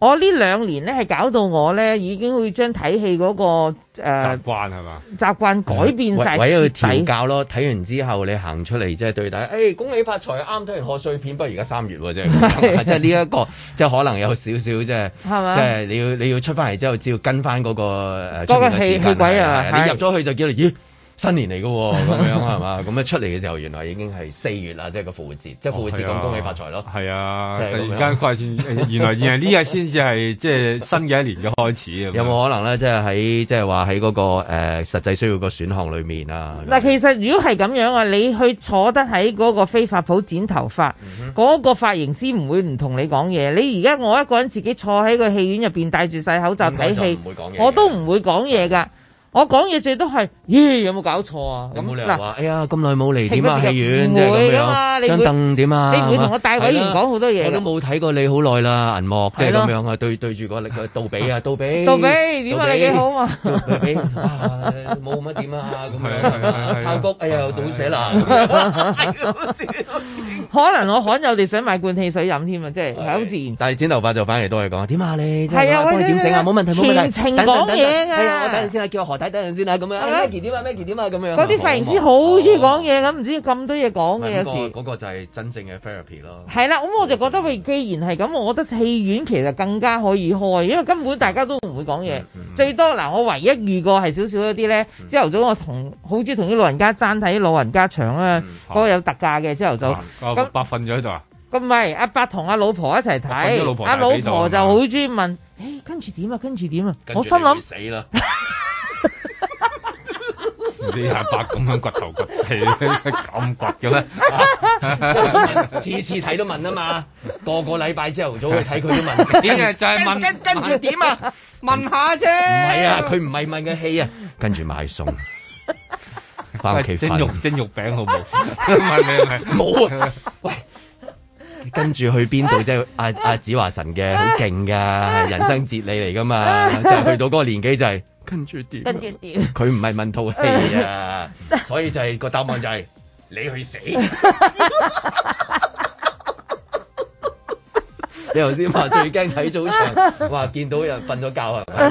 我呢兩年咧係搞到我咧已經會將睇戲嗰個誒習慣係嘛習慣改變晒徹底教咯。睇完之後你行出嚟即係對打，誒恭喜發財啱睇完賀歲片，不過而家三月啫，即係呢一個即係可能有少少啫，即係你要你要出翻嚟之後，只要跟翻嗰個嗰個軌啊，你入咗去就叫你咦？新年嚟嘅咁樣係嘛？咁 [laughs] 樣出嚟嘅時候，原來已經係四月啦，即係個復活節，即係復活節咁恭喜發財咯。係啊，突然間發現 [laughs] 原來原來呢日先至係即係新嘅一年嘅開始啊！ [laughs] 有冇可能咧？即係喺即係話喺嗰個誒實際需要個選項裏面啊？嗱，其實如果係咁樣啊，你去坐得喺嗰個非法鋪剪頭髮，嗰、嗯、哼個髮型師唔會唔同你講嘢。你而家我一個人自己坐喺個戲院入面，戴住晒口罩睇戲，唔會講嘢，我都唔會講嘢㗎。我講嘢最都係，咦，有冇搞錯啊？你冇理由話，哎呀咁耐冇嚟，點啊？戲院，唔會噶嘛？你張凳點啊？你唔會同我大委員講好多嘢？我都冇睇過你好耐啦，銀幕即係咁樣啊，對對住個個杜比啊，杜比，杜比點啊？你幾好啊？杜比，冇乜點啊？咁樣，透谷，哎呀，倒瀉喇。可能我罕有地想買罐汽水飲添啊，即係係好自然。但係剪頭髮就反而都係講，點啊？你係啊？點整啊？冇問題，冇問題。全程講嘢噶。啊，我等陣先啊，叫何。睇等陣先啊！咁樣，Maggie 點啊，Maggie 點啊，咁樣。嗰啲髮型師好中意講嘢，咁唔知咁多嘢講嘅，有時。嗰個就係真正嘅 therapy 咯。係啦，咁我就覺得，喂，既然係咁，我覺得戲院其實更加可以開，因為根本大家都唔會講嘢，最多嗱，我唯一遇過係少少一啲咧。朝頭早我同好中意同啲老人家爭睇老人家場啊，嗰個有特價嘅朝頭早。咁伯瞓咗喺度啊？咁係，阿伯同阿老婆一齊睇，阿老婆就好中意問：誒，跟住點啊？跟住點啊？我心諗死啦！你阿伯咁樣掘頭掘勢，咁掘嘅咩？ [laughs] 次次睇都問啊嘛，個個禮拜朝頭早去睇佢都問嘅，就係 [laughs] 跟問跟跟住點啊？問下啫。唔係啊，佢唔係問嘅氣啊，跟住買餸，翻屋企蒸肉蒸肉餅好冇？唔係唔係，冇啊！喂，跟住去邊度啫？阿、啊、阿、啊、子華神嘅好勁噶，人生哲理嚟噶嘛，就係、去到嗰個年紀就係、係。跟住點？跟住點？佢唔係問套戲啊，所以就係個答案就係你去死。你頭先話最驚睇早場，話見到人瞓咗覺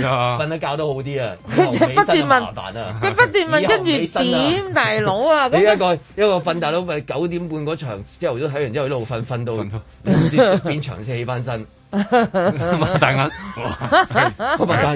啊，瞓咗覺都好啲啊。佢不斷問，佢不斷問，跟住點大佬啊？呢一個一個瞓大佬咪九點半嗰場之後都睇完之後喺度瞓，瞓到唔知邊場先起翻身。擘大眼，我問大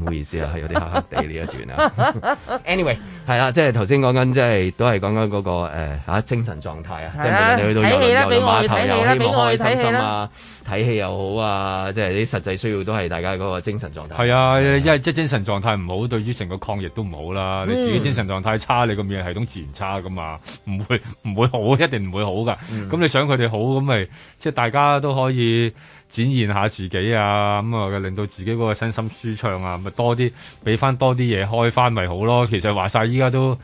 唔好意思啊，係有啲黑黑地呢一段啊。 [laughs] Anyway，係啊，即係頭先講緊，即係都係講緊嗰個誒、啊、精神狀態啊。啊即係每日你去到遊輪碼頭，又希望開心心啊，睇戲，戲又好啊，即係啲實際需要都係大家嗰個精神狀態。係啊，啊啊因為即係精神狀態唔好，對於成個抗疫都唔好啦。嗯、你自己精神狀態差，你個免疫系統自然差噶嘛，唔會唔會好，一定唔會好噶。咁、嗯、你想佢哋好咁咪，即係大家都可以。展現下自己啊，咁、嗯、啊令到自己嗰個身心舒暢啊，咪多啲畀返多啲嘢開返咪好咯。其實話晒，依家都，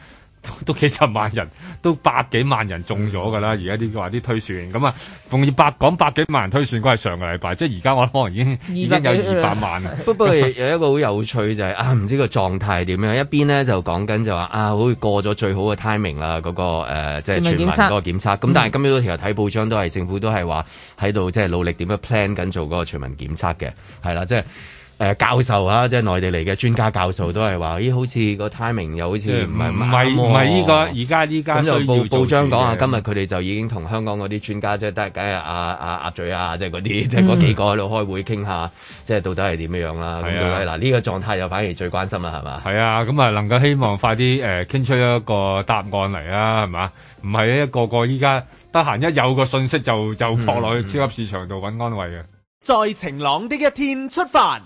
都幾十萬人，都百幾萬人中咗㗎啦！而家啲話啲推算，咁啊，仲要百講百幾萬人推算，嗰係上個禮拜，即係而家我可能已經200，已經有二百萬 [laughs] 不。不過有一個好有趣就係、是、啊，唔知個狀態點樣。一邊呢就講緊就話、是、啊，好似過咗最好嘅 timing 啦，嗰、那個即係、呃就是、全民嗰個檢測。咁、嗯、但係今日都其實睇報章都係政府都係話喺度即係努力點樣 plan 緊做嗰個全民檢測嘅，係啦，即、就、係、是。誒、呃、教授啊，即係內地嚟嘅專家教授都係話：咦、哎，好似個 timing 又好似唔係唔係唔係呢個而家呢家咁就報，報章講啊，的今日佢哋就已經同香港嗰啲專家即係得，梗啊阿阿阿嘴啊，即係嗰啲即係嗰幾個喺度開會傾下，即係到底係點樣啦、啊？咁到嗱呢個狀態又反而最關心啦，係嘛？係啊、嗯，咁啊能夠希望快啲誒傾出一個答案嚟啊，係、嗯、嘛？唔係一個個依家得閒一有個信息就就撲落去超級市場度揾安慰啊。在晴朗的一天出發。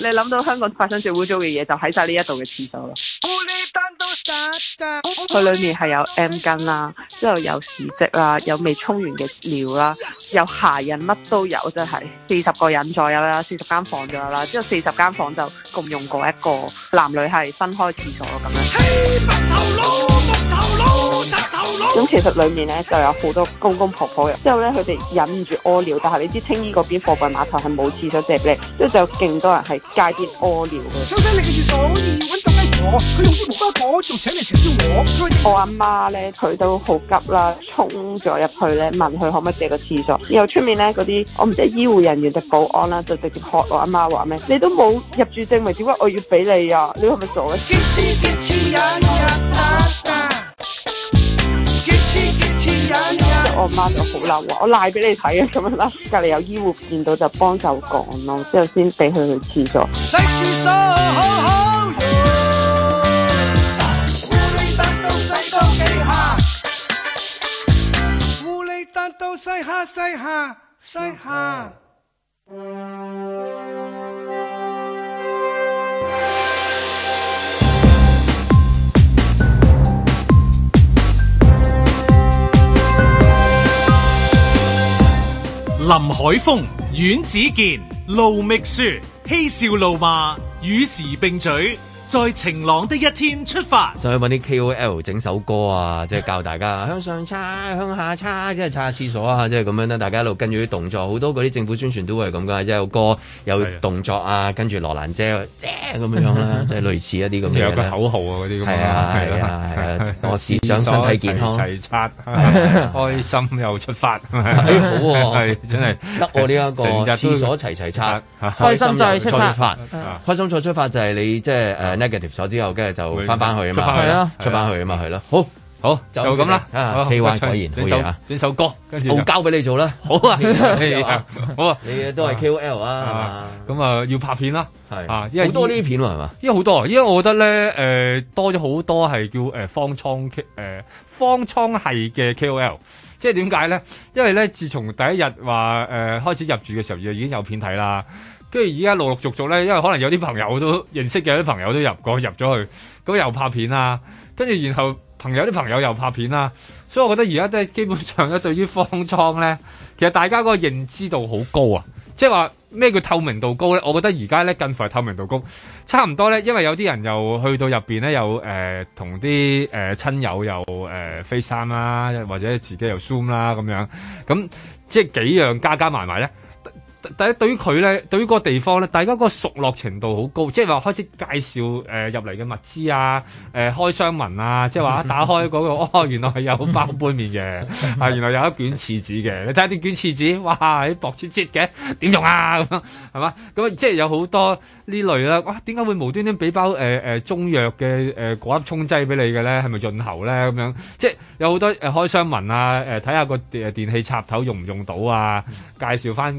你諗到香港發生最污糟嘅嘢，就喺晒呢一度嘅廁所啦。佢裏面係有 M 巾啦，之後有屎跡啦，有未沖完嘅尿啦，有鞋印，乜都有，真係四十個人左右啦，四十間房左右啦，之後四十間房就共用過一個男女係分開廁所咁樣。咁其實裏面咧就有好多公公婆婆嘅，之後咧佢哋忍唔住屙尿，但係你知青衣嗰邊貨櫃碼頭係冇廁所借俾你，之後就勁多人係街邊屙尿嘅。我仲請你請我。我阿媽咧，佢都好急啦，沖咗入去咧，問佢可唔可以借個廁所。然後出面咧，嗰啲我唔知醫護人員定保安啦，就直接學我阿媽話咩，你都冇入住證明，點解我要俾你啊？你係咪傻啊？啊啊啊啊我阿媽就好嬲，我賴俾你睇啊，咁樣啦。隔籬有醫護見到就幫手講咯，之後先俾佢去廁所。洗但到西下，西下，西下林海峰、阮子健、盧覓雪，嬉笑怒罵，與時並嘴。在晴朗的一天出發，上去搵啲 KOL 整首歌啊，即係教大家向上擦、向下擦，即係擦下廁所啊，即係咁樣啦。大家一路跟住啲動作，好多嗰啲政府宣傳都會係咁噶，即係有歌有動作啊，跟住羅蘭姐咁樣啦，即係類似一啲咁嘅。有個口號啊，嗰啲咁啊，係啊係啊，我只想身體健康齊擦，開心又出發，幾好係真係得我呢一個廁所齊齊擦，開心再出發，開心再出發就係你即係誒。negative 咗之後，跟住就翻翻去啊嘛，係啊，出翻去啊嘛，係咯。好，好就咁啦啊，氣溫改言可以啊，整首歌，跟住我交俾你做啦。好啊，好啊，好啊，你都係 K O L 啊，咁啊要拍片啦，係啊，因為好多呢啲片啊嘛，因為好多啊，因為我覺得咧誒多咗好多係叫誒方艙誒方艙係嘅 K O L，即係點解咧？因為咧，自從第一日話誒開始入住嘅時候，已經有片睇啦。跟住而家陸陸續續咧，因為可能有啲朋友都認識嘅，有啲朋友都入過入咗去，咁又拍片啦，跟住然後朋友啲朋友又拍片啦，所以我覺得而家都係基本上咧，對於方艙咧，其實大家個個認知度好高啊。即係話咩叫透明度高咧？我覺得而家咧近乎係透明度高，差唔多咧，因為有啲人又去到入面咧，又誒同啲誒親友又誒 FaceTime 啦，或者自己又 zoom 啦咁樣，咁即係幾樣加加埋埋咧。第一，對於佢咧，對於個地方咧，大家個個熟絡程度好高，即係話開始介紹誒入嚟嘅物資啊，誒、呃、開箱文啊，即係話打開嗰、那個， [laughs] 哦原來有包杯麵嘅， [laughs] 啊原來有一卷廁紙嘅，你睇下啲卷廁紙，哇薄切切嘅，點用啊咁樣，係嘛？咁即係有好多呢類啦，哇點解會無端端俾包誒、呃、中藥嘅誒嗰粒沖劑俾你嘅咧？係咪潤喉咧咁樣？即係有好多誒開箱文啊，睇、呃、下個電器插頭用唔用到啊，介紹翻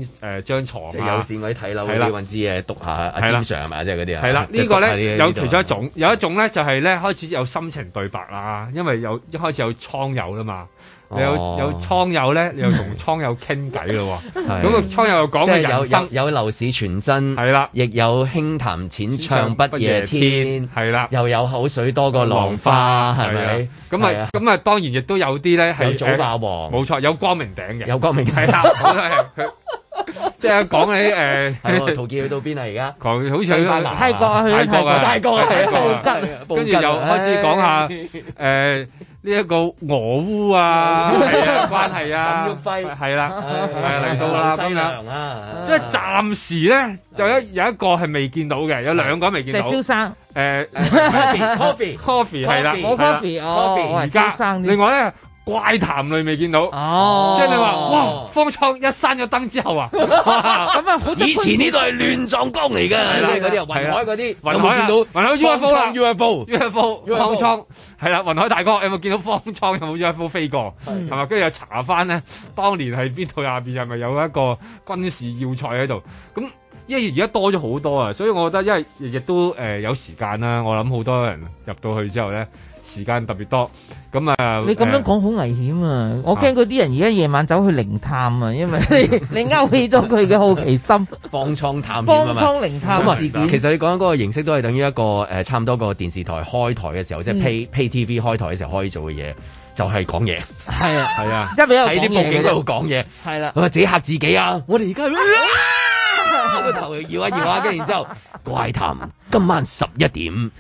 張牀，即係有線嗰啲睇樓嗰啲運資嘅讀下阿 James 係嘛？即係嗰啲啊。係啦，呢個咧有其中一種，有一種咧就係咧開始有心情對白啊，因為有一開始有倉友啦嘛，你有有倉友咧，你又同倉友傾偈咯喎，咁倉友又講嘅有樓市傳真係啦，亦有輕談淺唱不夜天係啦，又有口水多過浪花係咪？咁啊咁啊，當然亦都有啲咧係早霸王，冇錯有光明頂嘅有光明即係講起誒，陶傑去到邊啊？而家，好似去咗泰國，泰國啊，泰國啊，跟住又開始講下誒呢一個俄烏啊，關係啊，沈旭暉係啦，嚟到啦，邊啊？即係暫時咧，就一有一個係未見到嘅，有兩個未見到。謝少生，誒，coffee，coffee 係啦，冇 coffee 哦，而家另外咧。怪談類未見到，即係你話哇！方艙一閂咗燈之後啊，咁啊，以前呢度係亂葬崗嚟㗎，即係嗰啲雲海嗰啲，雲海，見到雲海 UFO UFO UFO，方艙係啦，雲海大哥有冇見到方艙有冇 UFO 飛過？係咪？跟住又查翻咧，當年係邊度下邊係咪有一個軍事要塞喺度？咁因為而家多咗好多啊，所以我覺得因為亦都誒有時間啦，我諗好多人入到去之後咧。時間特別多，咁啊！你咁樣講好危險啊！我驚嗰啲人而家夜晚走去靈探啊，因為你你勾起咗佢嘅好奇心，放窗探，放窗靈探事件。其實你講緊嗰個形式都係等於一個差唔多個電視台開台嘅時候，即係 Pay Pay TV 開台嘅時候可以做嘅嘢，就係講嘢。係啊係啊，一俾喺啲佈景度講嘢。係啦，佢自己嚇自己啊！我哋而家。個頭搖一搖啊，跟住然之後怪談今晚十一點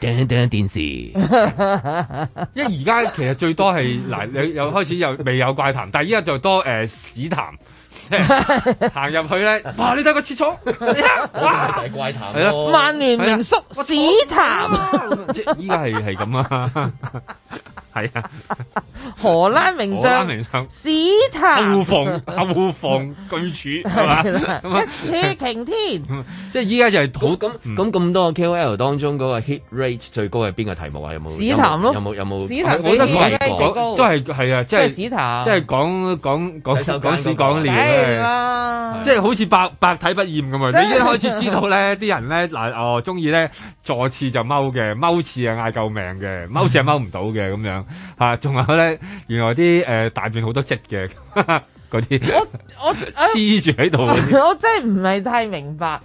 叮叮電視，因為而家其實最多係嗱，又又開始又未有怪談，但係依家就多誒、呃、屎談， [laughs] 行入去咧，哇！你睇個廁所，就係怪談，曼聯名宿屎談，依家係係咁啊！係啊，荷蘭名將史譚歐鳳歐鳳居處係嘛，一柱擎天。即係依家就係好咁咁咁多個 K O L 當中嗰個 hit rate 最高係邊個題目啊？有冇史譚咯？有冇有冇史譚？我覺得講都係係啊，即係即係講講講講史講練。即係好似百百睇不厭咁樣。你一開始知道咧，啲人咧嗱哦中意咧坐次就踎嘅，踎次啊嗌救命嘅，踎次啊踎唔到嘅咁樣。吓，仲、啊、有咧，原來啲誒、呃、大便好多積嘅嗰啲，我我黐住喺度。我真係唔係太明白，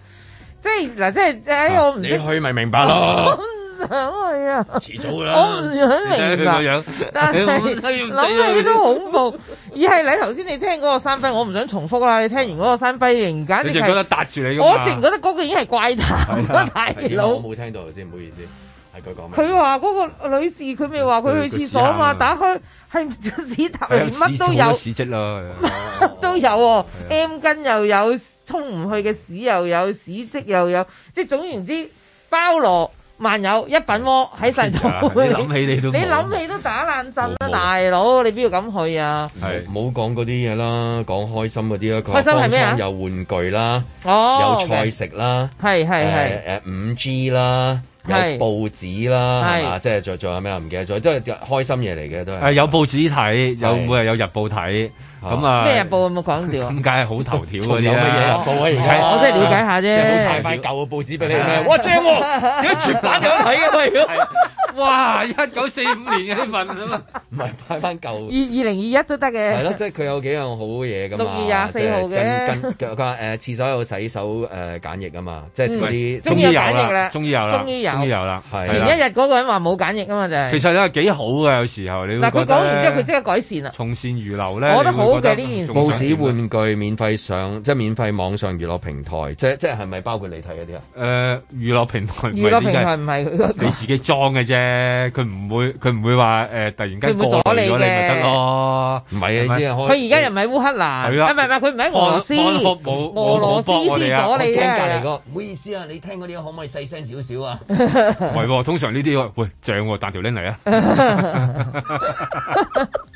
即係嗱，即係即、哎、我唔、啊。你去咪明白咯？我唔想去啊。遲早啦。我唔想明白，你樣，但係是諗、哎啊、起都恐怖。 [laughs] 而係你頭先你聽嗰個山輝，我唔想重複啦。你聽完嗰個山輝，然簡直係。我覺得搭住你。我淨係覺得嗰個已經係怪談。啊、大佬哥、啊，我冇聽到先，唔好意思。佢話嗰個女士，佢咪話佢去廁所嘛？打開係屎塔，乜都有屎跡咯，都有喎。M 巾又有沖唔去嘅屎，又有屎跡，又有即係總言之，包羅萬有，一品鍋喺曬度。你諗起你都你諗起都打冷震啊，大佬！你邊度噉去啊？唔好講嗰啲嘢啦，講開心嗰啲啦。開心係咩啊？有玩具啦，有菜食啦，係係係誒五 G 啦。有報紙啦，係嘛是是？即係仲仲有咩啊？唔記得咗，即係開心嘢，嚟嘅都係。誒。有報紙睇，有每日是 有日報睇。咁啊！咩日報咁啊？咁梗係好頭條嗰，有乜嘢日報我真係了解下啫。有冇頭條？派舊嘅報紙俾你咩？哇正喎！點解全版有睇嘅咪？哇！一九四五年嘅呢份啊嘛。唔係派翻舊。二二零二一都得嘅。係咯，即係佢有幾樣好嘢咁啊！即係佢話誒廁所有洗手簡易啊嘛，即係做啲。終於有啦！終於有啦！終於有啦！前一日嗰個人話冇簡易啊嘛，就係。其實又係幾好嘅，有時候你嗱佢講完之後，佢即刻改善啦。從善如流咧。報紙玩具免費上，即係免費網上娛樂平台，即即係咪包括你睇嗰啲啊？誒，娛樂平台，娛樂平台唔係你自己裝嘅啫，佢唔會佢唔會話誒、呃，突然間會阻你咪得咯。唔係啊，佢而家又唔係烏克蘭，唔係唔係，佢唔係俄羅斯。俄羅斯俄羅斯，我聽隔離唔好意思啊，你聽嗰啲可唔可以細聲少少啊？唔、 [laughs] 啊、通常呢啲喂，漲，彈條鈴嚟啊！ [laughs] [laughs]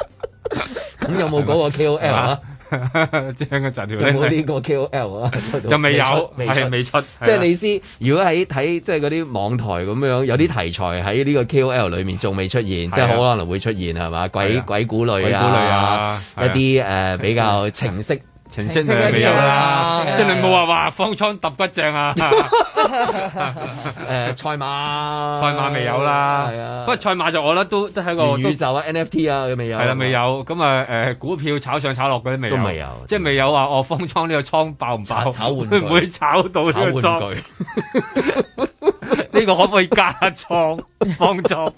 咁 [laughs] 有冇嗰個 K O L 啊？將 [laughs] 個有冇呢個 K O L 啊？又未有，係未 [laughs] 出。即係你意思，的如果喺睇即係嗰啲網台咁樣，的有啲題材喺呢個 K O L 裏面仲未出現，即係的好可能會出現係嘛？鬼的鬼古類啊，啊一啲誒、呃、比較情色。澄清佢未有啦，即係你冇話話方艙揼骨正啊！誒，賽馬賽馬未有啦，不過賽馬就我覺得都都喺個。元宇宙啊，NFT 啊，佢未有。係啦，未有咁啊！誒，股票炒上炒落嗰啲未有，即係未有話哦，方艙呢個倉爆唔爆？炒換唔會炒到？炒玩具。呢個可唔可以加倉？方艙？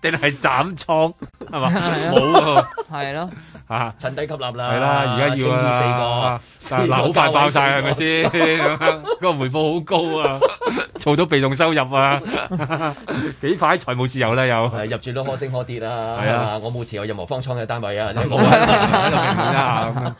定係斬倉係嘛，冇啊係咯吓，趁低吸納啦，係啦，而家要嗱，好快爆晒係咪先？嗰個回報好高啊，做到被動收入啊，幾快財務自由啦又，入住都可升可跌啦，係啊，我冇持有任何方艙嘅單位啊，冇啊，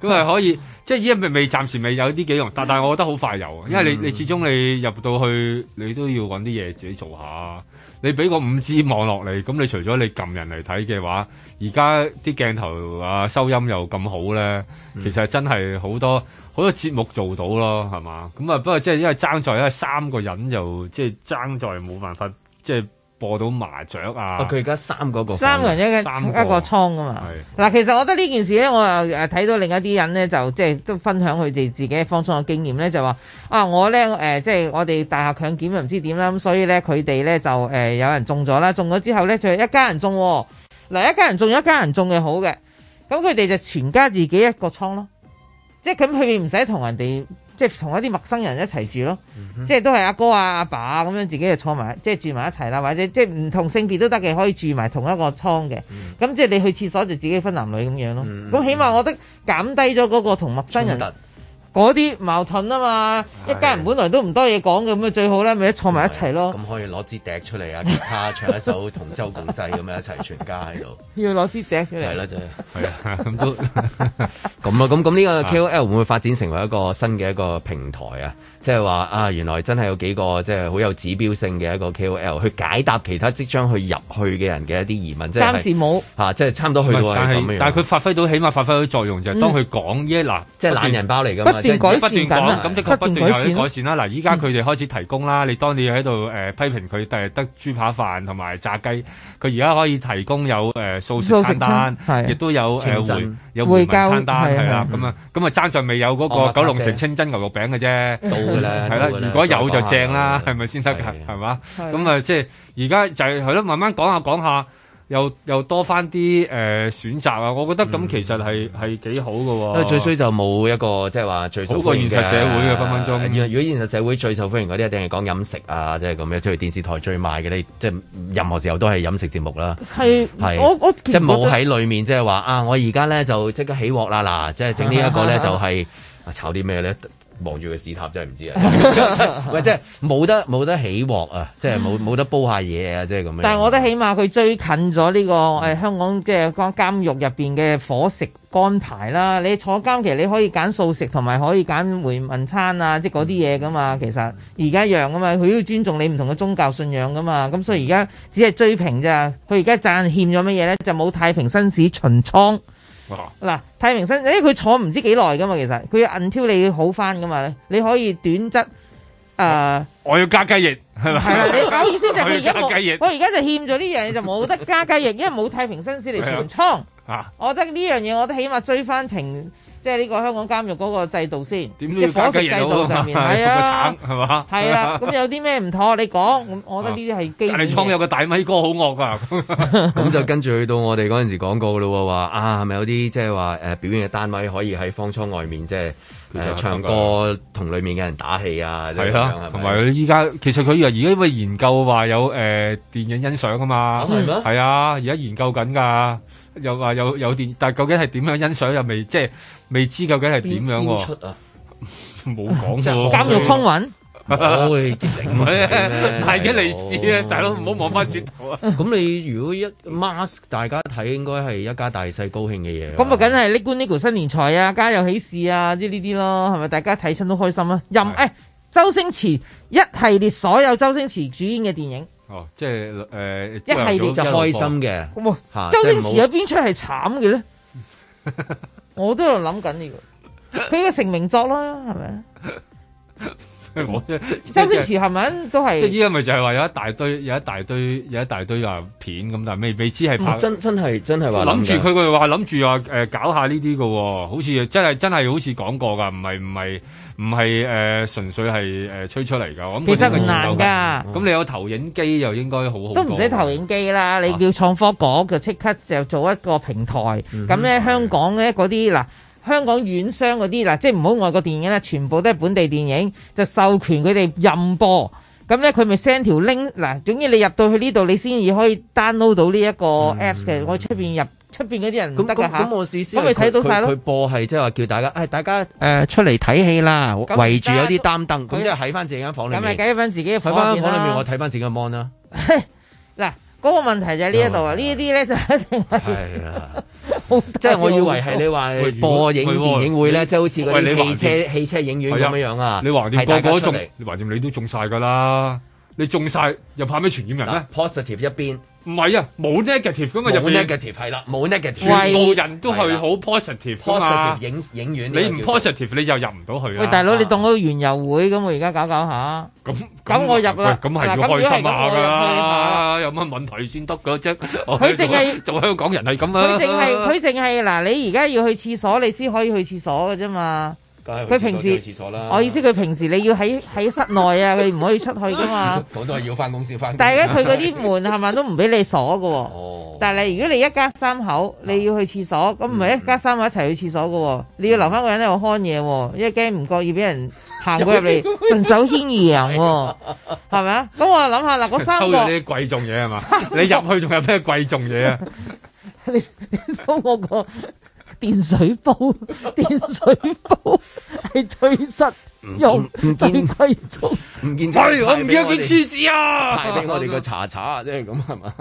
咁明係可以，即係依家未未暫時未有啲幾用，但但係我覺得好快有，因為你你始終你入到去，你都要搵啲嘢自己做下。你俾個五 G 網絡嚟，咁你除咗你撳人嚟睇嘅話，而家啲鏡頭啊收音又咁好咧，其實真係好多好多節目做到咯，係嘛？咁啊，不過即係因為爭在因為三個人又即係爭在冇辦法即係。即係播到麻雀啊！佢而家三嗰個，個，三個人一個個一個倉噶嘛。嗱是，其實我覺得呢件事咧，我又誒睇到另一啲人咧，就即係都分享佢哋自己方艙嘅經驗咧，就話啊，我咧誒、呃、即係我哋大廈強檢又唔知點啦，咁所以咧佢哋咧就誒、呃、有人中咗啦，中咗之後咧就一家人中。嗱，一家人中，一家人中嘅好嘅，咁佢哋就全家自己一個倉咯，即係咁佢哋唔使同人哋。即係同一啲陌生人一齊住咯，嗯、哼即係都係阿哥啊、阿爸啊咁樣自己就坐埋，即係住埋一齊啦，或者即係唔同性別都得嘅，可以住埋同一個倉嘅。咁、嗯、即係你去廁所就自己分男女咁樣咯。咁、嗯嗯、起碼我覺得減低咗嗰個同陌生人。嗰啲矛盾啊嘛，的一家人本來都唔多嘢講嘅，咁咪最好咧，咪一坐埋一齊咯。咁可以攞支笛出嚟啊， [laughs] 吉他唱一首同舟共濟咁樣，一齊全家喺度。要攞支笛出嚟。係啦，啫、就係。係啊，咁都咁啊，咁咁呢個 K O L 會唔會發展成為一個新嘅一個平台啊？即係話啊，原來真係有幾個即係好有指標性嘅一個 KOL 去解答其他即將去入去嘅人嘅一啲疑問，暫時冇嚇，即係差唔多去到係咁樣。但係，佢發揮到起碼發揮到作用，就係當佢講嘢嗱，即係懶人包嚟㗎嘛，不斷改善緊，不斷改善，不斷改善啦。嗱，依家佢哋開始提供啦。你當你喺度誒批評佢第日得豬扒飯同埋炸雞，佢而家可以提供有誒素食餐單亦都有誒回有回民餐單，係啦咁啊，咁啊爭在未有嗰個九龍城清真牛肉餅嘅啫。係啦，如果有就正啦，係咪先得噶？係嘛，咁啊，即係而家就係係咯，慢慢講下講下，又又多翻啲誒選擇啊！我覺得咁其實係係幾好噶。最衰就冇一個即係話最受歡迎嘅。好過現實社會嘅分分鐘。如果現實社會最受歡迎嗰啲，一定係講飲食啊，即係咁樣。去電視台最賣嘅，你即係任何時候都係飲食節目啦。係係，我我即係冇喺裏面，即係話啊！我而家咧就即刻起鑊啦嗱，即係整呢一個咧就係炒啲咩咧？望住佢屎塔真係唔知啊！喂， [laughs] 即係冇、嗯、得冇得起鑊啊！即係冇冇得煲下嘢啊！即係咁樣。但係我覺得起碼佢追近咗呢、這個誒、哎、香港即係個監獄入面嘅伙食安排啦。你坐監其實你可以揀素食同埋可以揀回民餐啊！即嗰啲嘢噶嘛。其實而家一樣噶嘛，佢都要尊重你唔同嘅宗教信仰噶嘛。咁所以而家只係追平咋。佢而家讚欠咗乜嘢咧？就冇太平紳士巡倉。嗱、啊，太平新，誒，佢坐唔知幾耐噶嘛，其實佢要 u 挑你要好翻噶嘛，你可以短質誒、呃，我要加雞翼係咪？吧 [laughs] 你唔好意思就係佢而家冇，雞翼。我而家就欠咗呢樣嘢就冇得加雞翼，因為冇太平新市嚟填倉。吓、啊，啊、我覺得呢樣嘢，我都起碼追翻停。即係呢個香港監獄嗰個制度先，啲伙食制度上面係啊，係嘛？係啦，咁有啲咩唔妥？你講，我覺得呢啲係基本。你倉有個大米哥好惡㗎，咁就跟住去到我哋嗰陣時講過啦，話啊係咪有啲即係話誒表演嘅單位可以喺方艙外面即係誒唱歌，同裡面嘅人打氣啊？係啦，同埋依家其實佢又而家咪研究話有誒、呃、電影欣賞㗎嘛？係咩？係啊，而家、啊、研究緊㗎，又話有有，有電，但究竟係點樣欣賞又未即係。未知究竟係點樣？邊出啊？冇講喎。監獄風雲，我會啲整唔係，係嘅利是啊！大佬唔好望翻轉頭啊！咁你如果一 mask，大家睇，應該係一家大細高興嘅嘢。咁啊，梗係呢官呢個新年財啊，家有喜事啊，即呢啲咯，係咪？大家睇親都開心啊？任誒，周星馳一系列所有周星馳主演嘅電影哦，即係誒，一系列就開心嘅。周星馳有邊出係慘嘅咧？我都喺度諗緊呢個，佢嘅個成名作啦，係咪啊？麼周星馳係咪都係？即係依家咪就係話有一大堆，有一大堆，有一大堆話片咁，但係未未知係拍。真真係真係話諗住佢，佢話諗住話誒搞下呢啲噶，好似真係真係好似講過噶，唔係唔係。唔係誒純粹係誒、呃、吹出嚟㗎，咁其實唔難㗎。咁、嗯嗯、你有投影機又應該好好。都唔使投影機啦，你叫創科局、啊、就即刻就做一個平台。咁咧香港咧嗰啲嗱，香港院是的 商嗰啲啦，即係唔好外國電影啦，全部都係本地電影，就授權佢哋任播。咁咧佢咪 send 條 link 嗱，總之你入到去呢度，你先至可以 download 到呢一個 apps 嘅、嗯。我出面入。出邊嗰啲人唔得噶，咁我試試。咪睇到晒咯。佢播係即係話叫大家，誒，大家，誒，出嚟睇戲啦，圍住有啲擔燈，咁即係喺翻自己間房裏。咁咪喺翻自己嘅房。喺翻房裏面，我睇翻自己個 mon 啦。嗱，嗰個問題就喺呢一度啊，呢啲咧就一定係，係即係我以為係你話播影電影會咧，即係好似嗰啲汽車汽車影院咁樣樣啊。你橫掂個個中，你橫掂你都中晒噶啦，你中晒又怕咩傳染人咧？Positive 一邊。唔係啊，冇 negative 咁啊，我就 negative 係啦，冇 negative，全部人都係好 positive 嘛，影影院你唔 positive 你又入唔到去啦。喂，大佬，你當嗰個園遊會咁，我而家搞搞下。咁咁我入啦。咁係要開心下㗎啦，有乜問題先得㗎啫。佢淨係做香港人係咁樣。佢淨係佢淨係嗱，你而家要去廁所，你先可以去廁所㗎啫嘛。佢平時我意思佢平時你要喺喺室內啊，佢唔可以出去噶嘛。好多係要翻公司翻。但係咧，佢嗰啲門係咪都唔俾你鎖噶。喎？但係如果你一家三口你要去廁所，咁唔係一家三口一齊去廁所噶。你要留翻個人喺度看嘢，因為驚唔覺意俾人行過入嚟順手牽羊，係咪啊？咁我諗下嗱，嗰三個收咗啲貴重嘢係嘛？你入去仲有咩貴重嘢啊？你你收我個？電水煲，電水煲係最實用，唔見佢唔見，喂，我唔見佢廁紙啊！派俾我哋個查查啊，即係咁係嘛，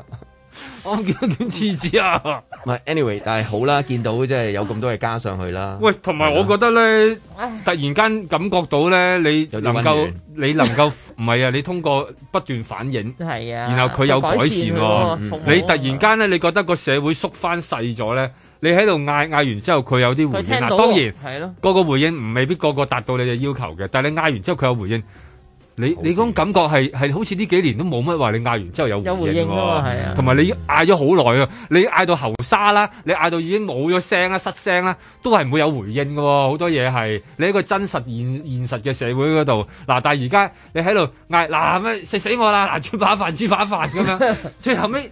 我唔見佢廁紙啊！唔係，anyway，但係好啦，見到即係有咁多嘢加上去啦。喂，同埋我覺得咧，突然間感覺到咧，你能夠，你能夠，唔係啊，你通過不斷反應，係啊，然後佢有改善喎。你突然間咧，你覺得個社會縮翻細咗咧？你喺度嗌，嗌完之後，佢有啲回應。嗱，當然係咯，了個個回應唔未必個個達到你嘅要求嘅。但係你嗌完之後，佢有回應。你你嗰種感覺係係好似呢幾年都冇乜話你嗌完之後有回應有回應噶嘛，係啊。同埋你嗌咗好耐啊，你嗌到喉沙啦，你嗌到已經冇咗聲啦，失聲啦，都係唔會有回應噶。好多嘢係你一個真實現現實嘅社會嗰度，嗱，但係而家你喺度嗌，嗱咩食死我啦，嗱豬扒飯豬扒飯咁樣， [laughs] 最後尾，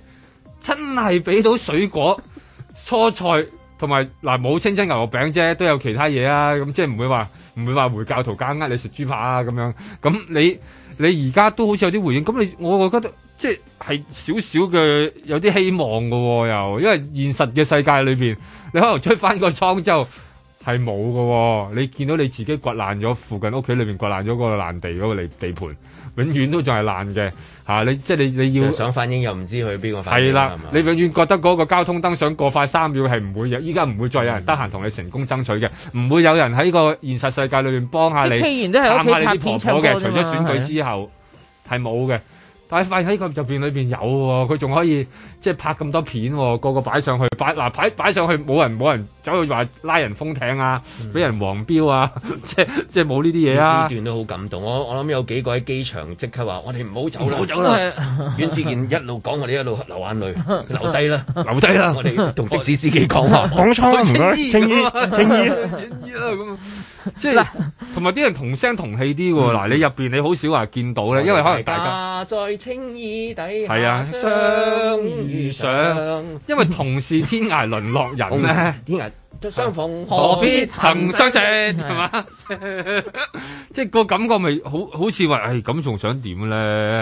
真係俾到水果。蔬菜同埋嗱冇清蒸牛肉餅啫，都有其他嘢啊！咁即係唔會話唔會話回教徒加呃你食豬扒啊咁樣。咁你你而家都好似有啲回應，咁你我我覺得即係少少嘅有啲希望喎。又，因為現實嘅世界裏邊，你可能出翻個倉之後係冇喎。你見到你自己掘爛咗附近屋企裏邊掘爛咗個爛地嗰、嗰個地地盤。永遠都仲係爛嘅、啊、你即係你你要想反應又唔知去邊個反應係啦，係唔係？你永遠覺得嗰個交通燈想過快三秒係唔會有，依家唔會再有人得閒同你成功爭取嘅，唔、嗯、會有人喺個現實世界裏面幫下你，探下你啲婆婆嘅，除咗選舉之後係冇嘅，但係快喺個入邊裏面有喎，佢仲可以。即係拍咁多片，個個擺上去，擺嗱擺擺上去，冇人冇人走去話拉人封艇啊，俾人黃標啊，即係即係冇呢啲嘢啊！呢段都好感動，我我諗有幾個喺機場即刻話：我哋唔好走啦！唔好走啦！阮志健一路講我哋一路流眼淚，留低啦，留低啦！我哋同的士司機講話，講錯唔好，青衣青衣啦咁。即係同埋啲人同聲同氣啲喎，嗱你入面你好少話見到咧，因為可能大家下載青衣底，係啊，相。遇上，因為同是天涯淪落人，天涯相逢何必曾相識，係嘛？即係、嗯、吧 [laughs] 個感覺咪好好似話，誒咁仲想點咧？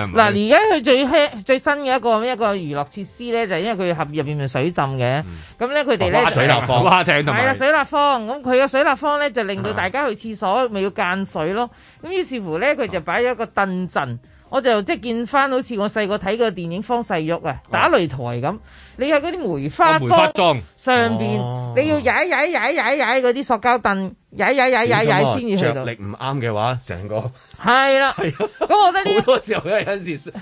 嗱，而家佢最 heat 最新嘅一個一個娛樂設施咧，就係、因為佢入面咪水浸嘅，咁咧佢哋咧，嗯、呢水立方、花艇，係啊，水立方，咁佢嘅水立方咧就令到大家去廁所咪要間水咯，咁於是乎咧佢就擺咗一個凳陣。我就即係見翻好似我細個睇個電影《方世玉》啊，打擂台咁。你係嗰啲梅花樁上邊，你要踩踩踩踩踩嗰啲塑膠凳，踩踩踩踩踩先至去到。着力唔啱嘅話成個。係啦，咁我覺得好多時候都有陣時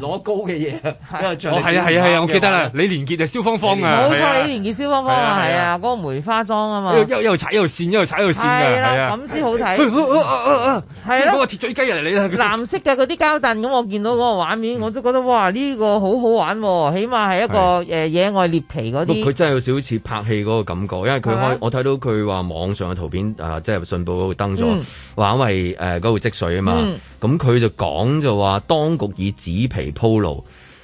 攞高嘅嘢啊，係啊，係啊，係啊，我記得啦，李連杰就蕭芳芳啊，冇錯，李連杰蕭芳芳啊，係啊，嗰個梅花樁啊嘛，一一路踩一路線，一路踩一路線，係啊，咁先好睇，係咯，嗰個鐵嘴雞人嚟啦，藍色嘅嗰啲膠凳咁，我見到嗰個畫面，我都覺得哇，呢個好好玩喎，起碼係一個野外獵奇嗰啲，佢真係有少少似拍戲嗰個感覺，因為佢開我睇到佢話網上嘅圖片啊，即係信報嗰度登咗，話因為嗰度積水。咁佢就講就話當局以紙皮鋪路，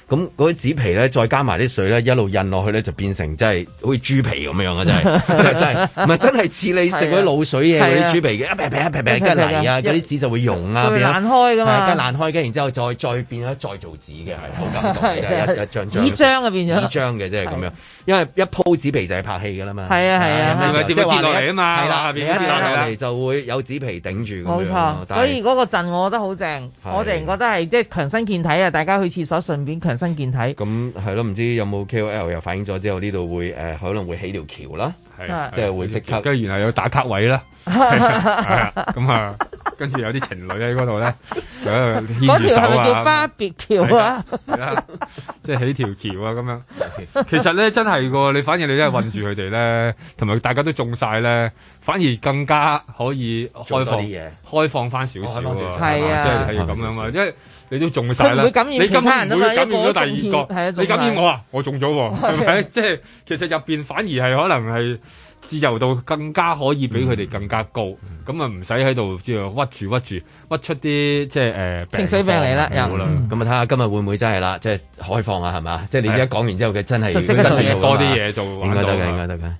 咁嗰啲紙皮咧再加埋啲水咧一路印落去咧就變成真係好似豬皮咁樣嘅，真係真係唔係真係似你食嗰啲卤水嘢嗰啲豬皮嘅，一劈劈一劈劈，一啲、啊、泥啊，有啲紙就會溶啊，爛開㗎嘛，一爛開跟住之後再再變咗再做紙嘅係，好感動，即一張紙張啊，變咗，紙張嘅即係咁樣。因為一鋪紙皮就係拍戲嘅啦嘛，係啊係啊，跌落嚟啊、嗯嗰個、嘛，下邊啊，落嚟就會有紙皮頂住係啊，係啊咁樣。冇錯，所以啊，個陣我覺得好正，我淨啊，係啊覺得係即係強身健體啊！大家去廁所順便強身健體。咁係咯，唔、啊、知有冇 KOL 又反映咗之後呢度會誒、呃、可能會起條橋啦。係，即係會即刻，跟住原來有打卡位啦，咁、嗯嗯、啊，跟住有啲情侶喺嗰度咧，喺度牽住手啊，叫花別橋啊，即係起條橋啊，咁樣，其實咧真係個，你反而你真係困住佢哋咧，同埋 [laughs] 大家都中晒咧，反而更加可以開放，開放翻少少係啊，即係係咁樣啊，因為。你都中晒啦！你感染唔會感染咗第二個？你感染我啊！我中咗喎，係咪？即係其實入面反而係可能係自由度更加可以俾佢哋更加高，咁啊唔使喺度即係屈住屈住屈出啲即係誒。水病嚟啦，咁啊睇下今日會唔會真係啦？即係開放啊，係嘛？即係你而家講完之後，佢真係真係多啲嘢做，應該得嘅，應該得嘅。